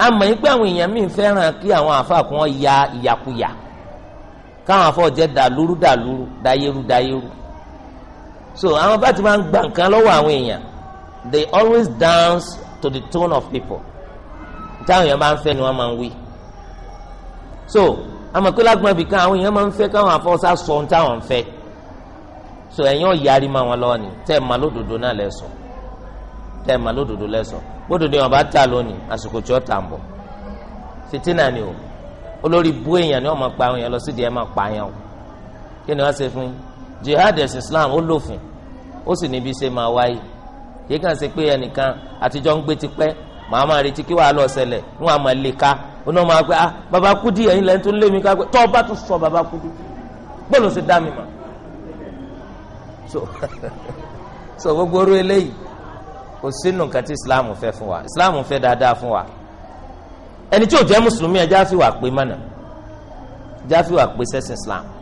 àmọ́ yín pé àwọn èèyàn míì fẹ́ràn kí àwọn àáfàá kan ya ìyàkuyà káwọn àfọ̀ jẹ́ dàlúrú dàlúrú dayérú dayérú so àwọn bá ti máa ń gba nǹkan lọ́wọ́ àwọn èèyàn they always dance to the tone of people táwọn èèyàn bá ń fẹ́ ni wọ́n máa ń wí so amakolágbọn kan àwọn máa ń fẹ́ káwọn so ẹ̀yin ọ̀yàrí máa wọn lọ́wọ́ ni tẹ́ ẹ̀ máa lódodo náà lẹ́sọ̀ tẹ́ ẹ̀ máa lódodo lẹ́sọ̀ ọba tà lónìí àsìkò tí tà ni o olórí bú pa àwọn lọ sídìí ẹ̀ máa màá máa retí kí wàá lọ ṣẹlẹ̀ ní wàá lè ka ó máa pẹ́ ah baba kudi ẹ̀yin lẹ́yìn tó lé mi ká pé tọ́ ọba tó sọ baba kudi gbọ́dọ̀ sí dá mi mà so [laughs] so gbogbo orú eléyìí kò sínú nǹkan tí islam fẹ́ fún wa islam fẹ́ dáadáa fún wa ẹni tí ò jẹ́ mùsùlùmí ẹ jáfi wà pé mọ̀nà jáfi wà pé sẹ́sìn islam